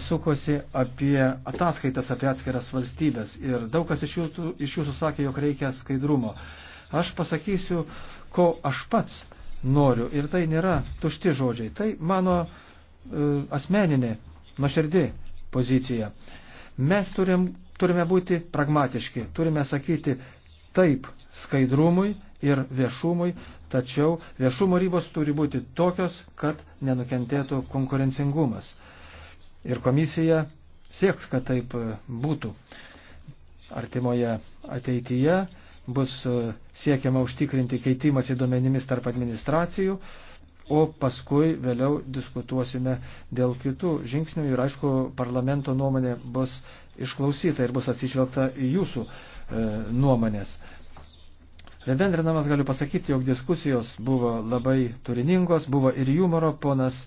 sukosi apie ataskaitas apie atskiras valstybės. Ir daug kas iš jūsų, iš jūsų sakė, jog reikia skaidrumo. Aš pasakysiu, ko aš pats noriu. Ir tai nėra tušti žodžiai. Tai mano e, asmeninė, nuoširdi poziciją. Mes turim, turime būti pragmatiški, turime sakyti taip skaidrumui ir viešumui, tačiau viešumo ribos turi būti tokios, kad nenukentėtų konkurencingumas. Ir komisija sieks, kad taip būtų. Artimoje ateityje bus siekiama užtikrinti keitimas į duomenimis tarp administracijų, o paskui vėliau diskutuosime dėl kitų žingsnių ir aišku parlamento nuomonė bus išklausyta ir bus atsižvelgta į jūsų e, nuomonės. Bendrinamas galiu pasakyti, jog diskusijos buvo labai turiningos, buvo ir humoro, ponas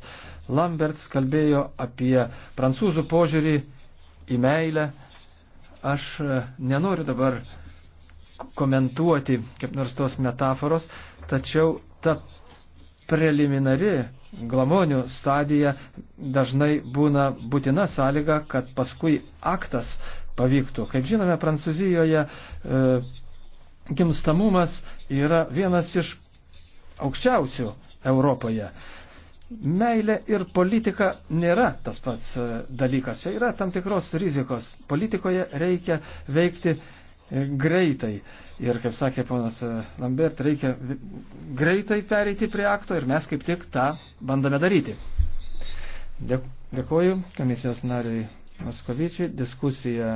Lamberts kalbėjo apie prancūzų požiūrį į meilę. Aš e, nenoriu dabar komentuoti kaip nors tos metaforos, tačiau ta preliminari glamonių stadija dažnai būna būtina sąlyga, kad paskui aktas pavyktų. Kaip žinome, Prancūzijoje e, gimstamumas yra vienas iš aukščiausių Europoje. Meilė ir politika nėra tas pats e, dalykas. Čia yra tam tikros rizikos. Politikoje reikia veikti greitai. Ir kaip sakė ponas e, Lambert, reikia greitai pereiti prie akto ir mes kaip tik tą bandome daryti. Dėkuoju komisijos nariui Moskovičiui. Diskusija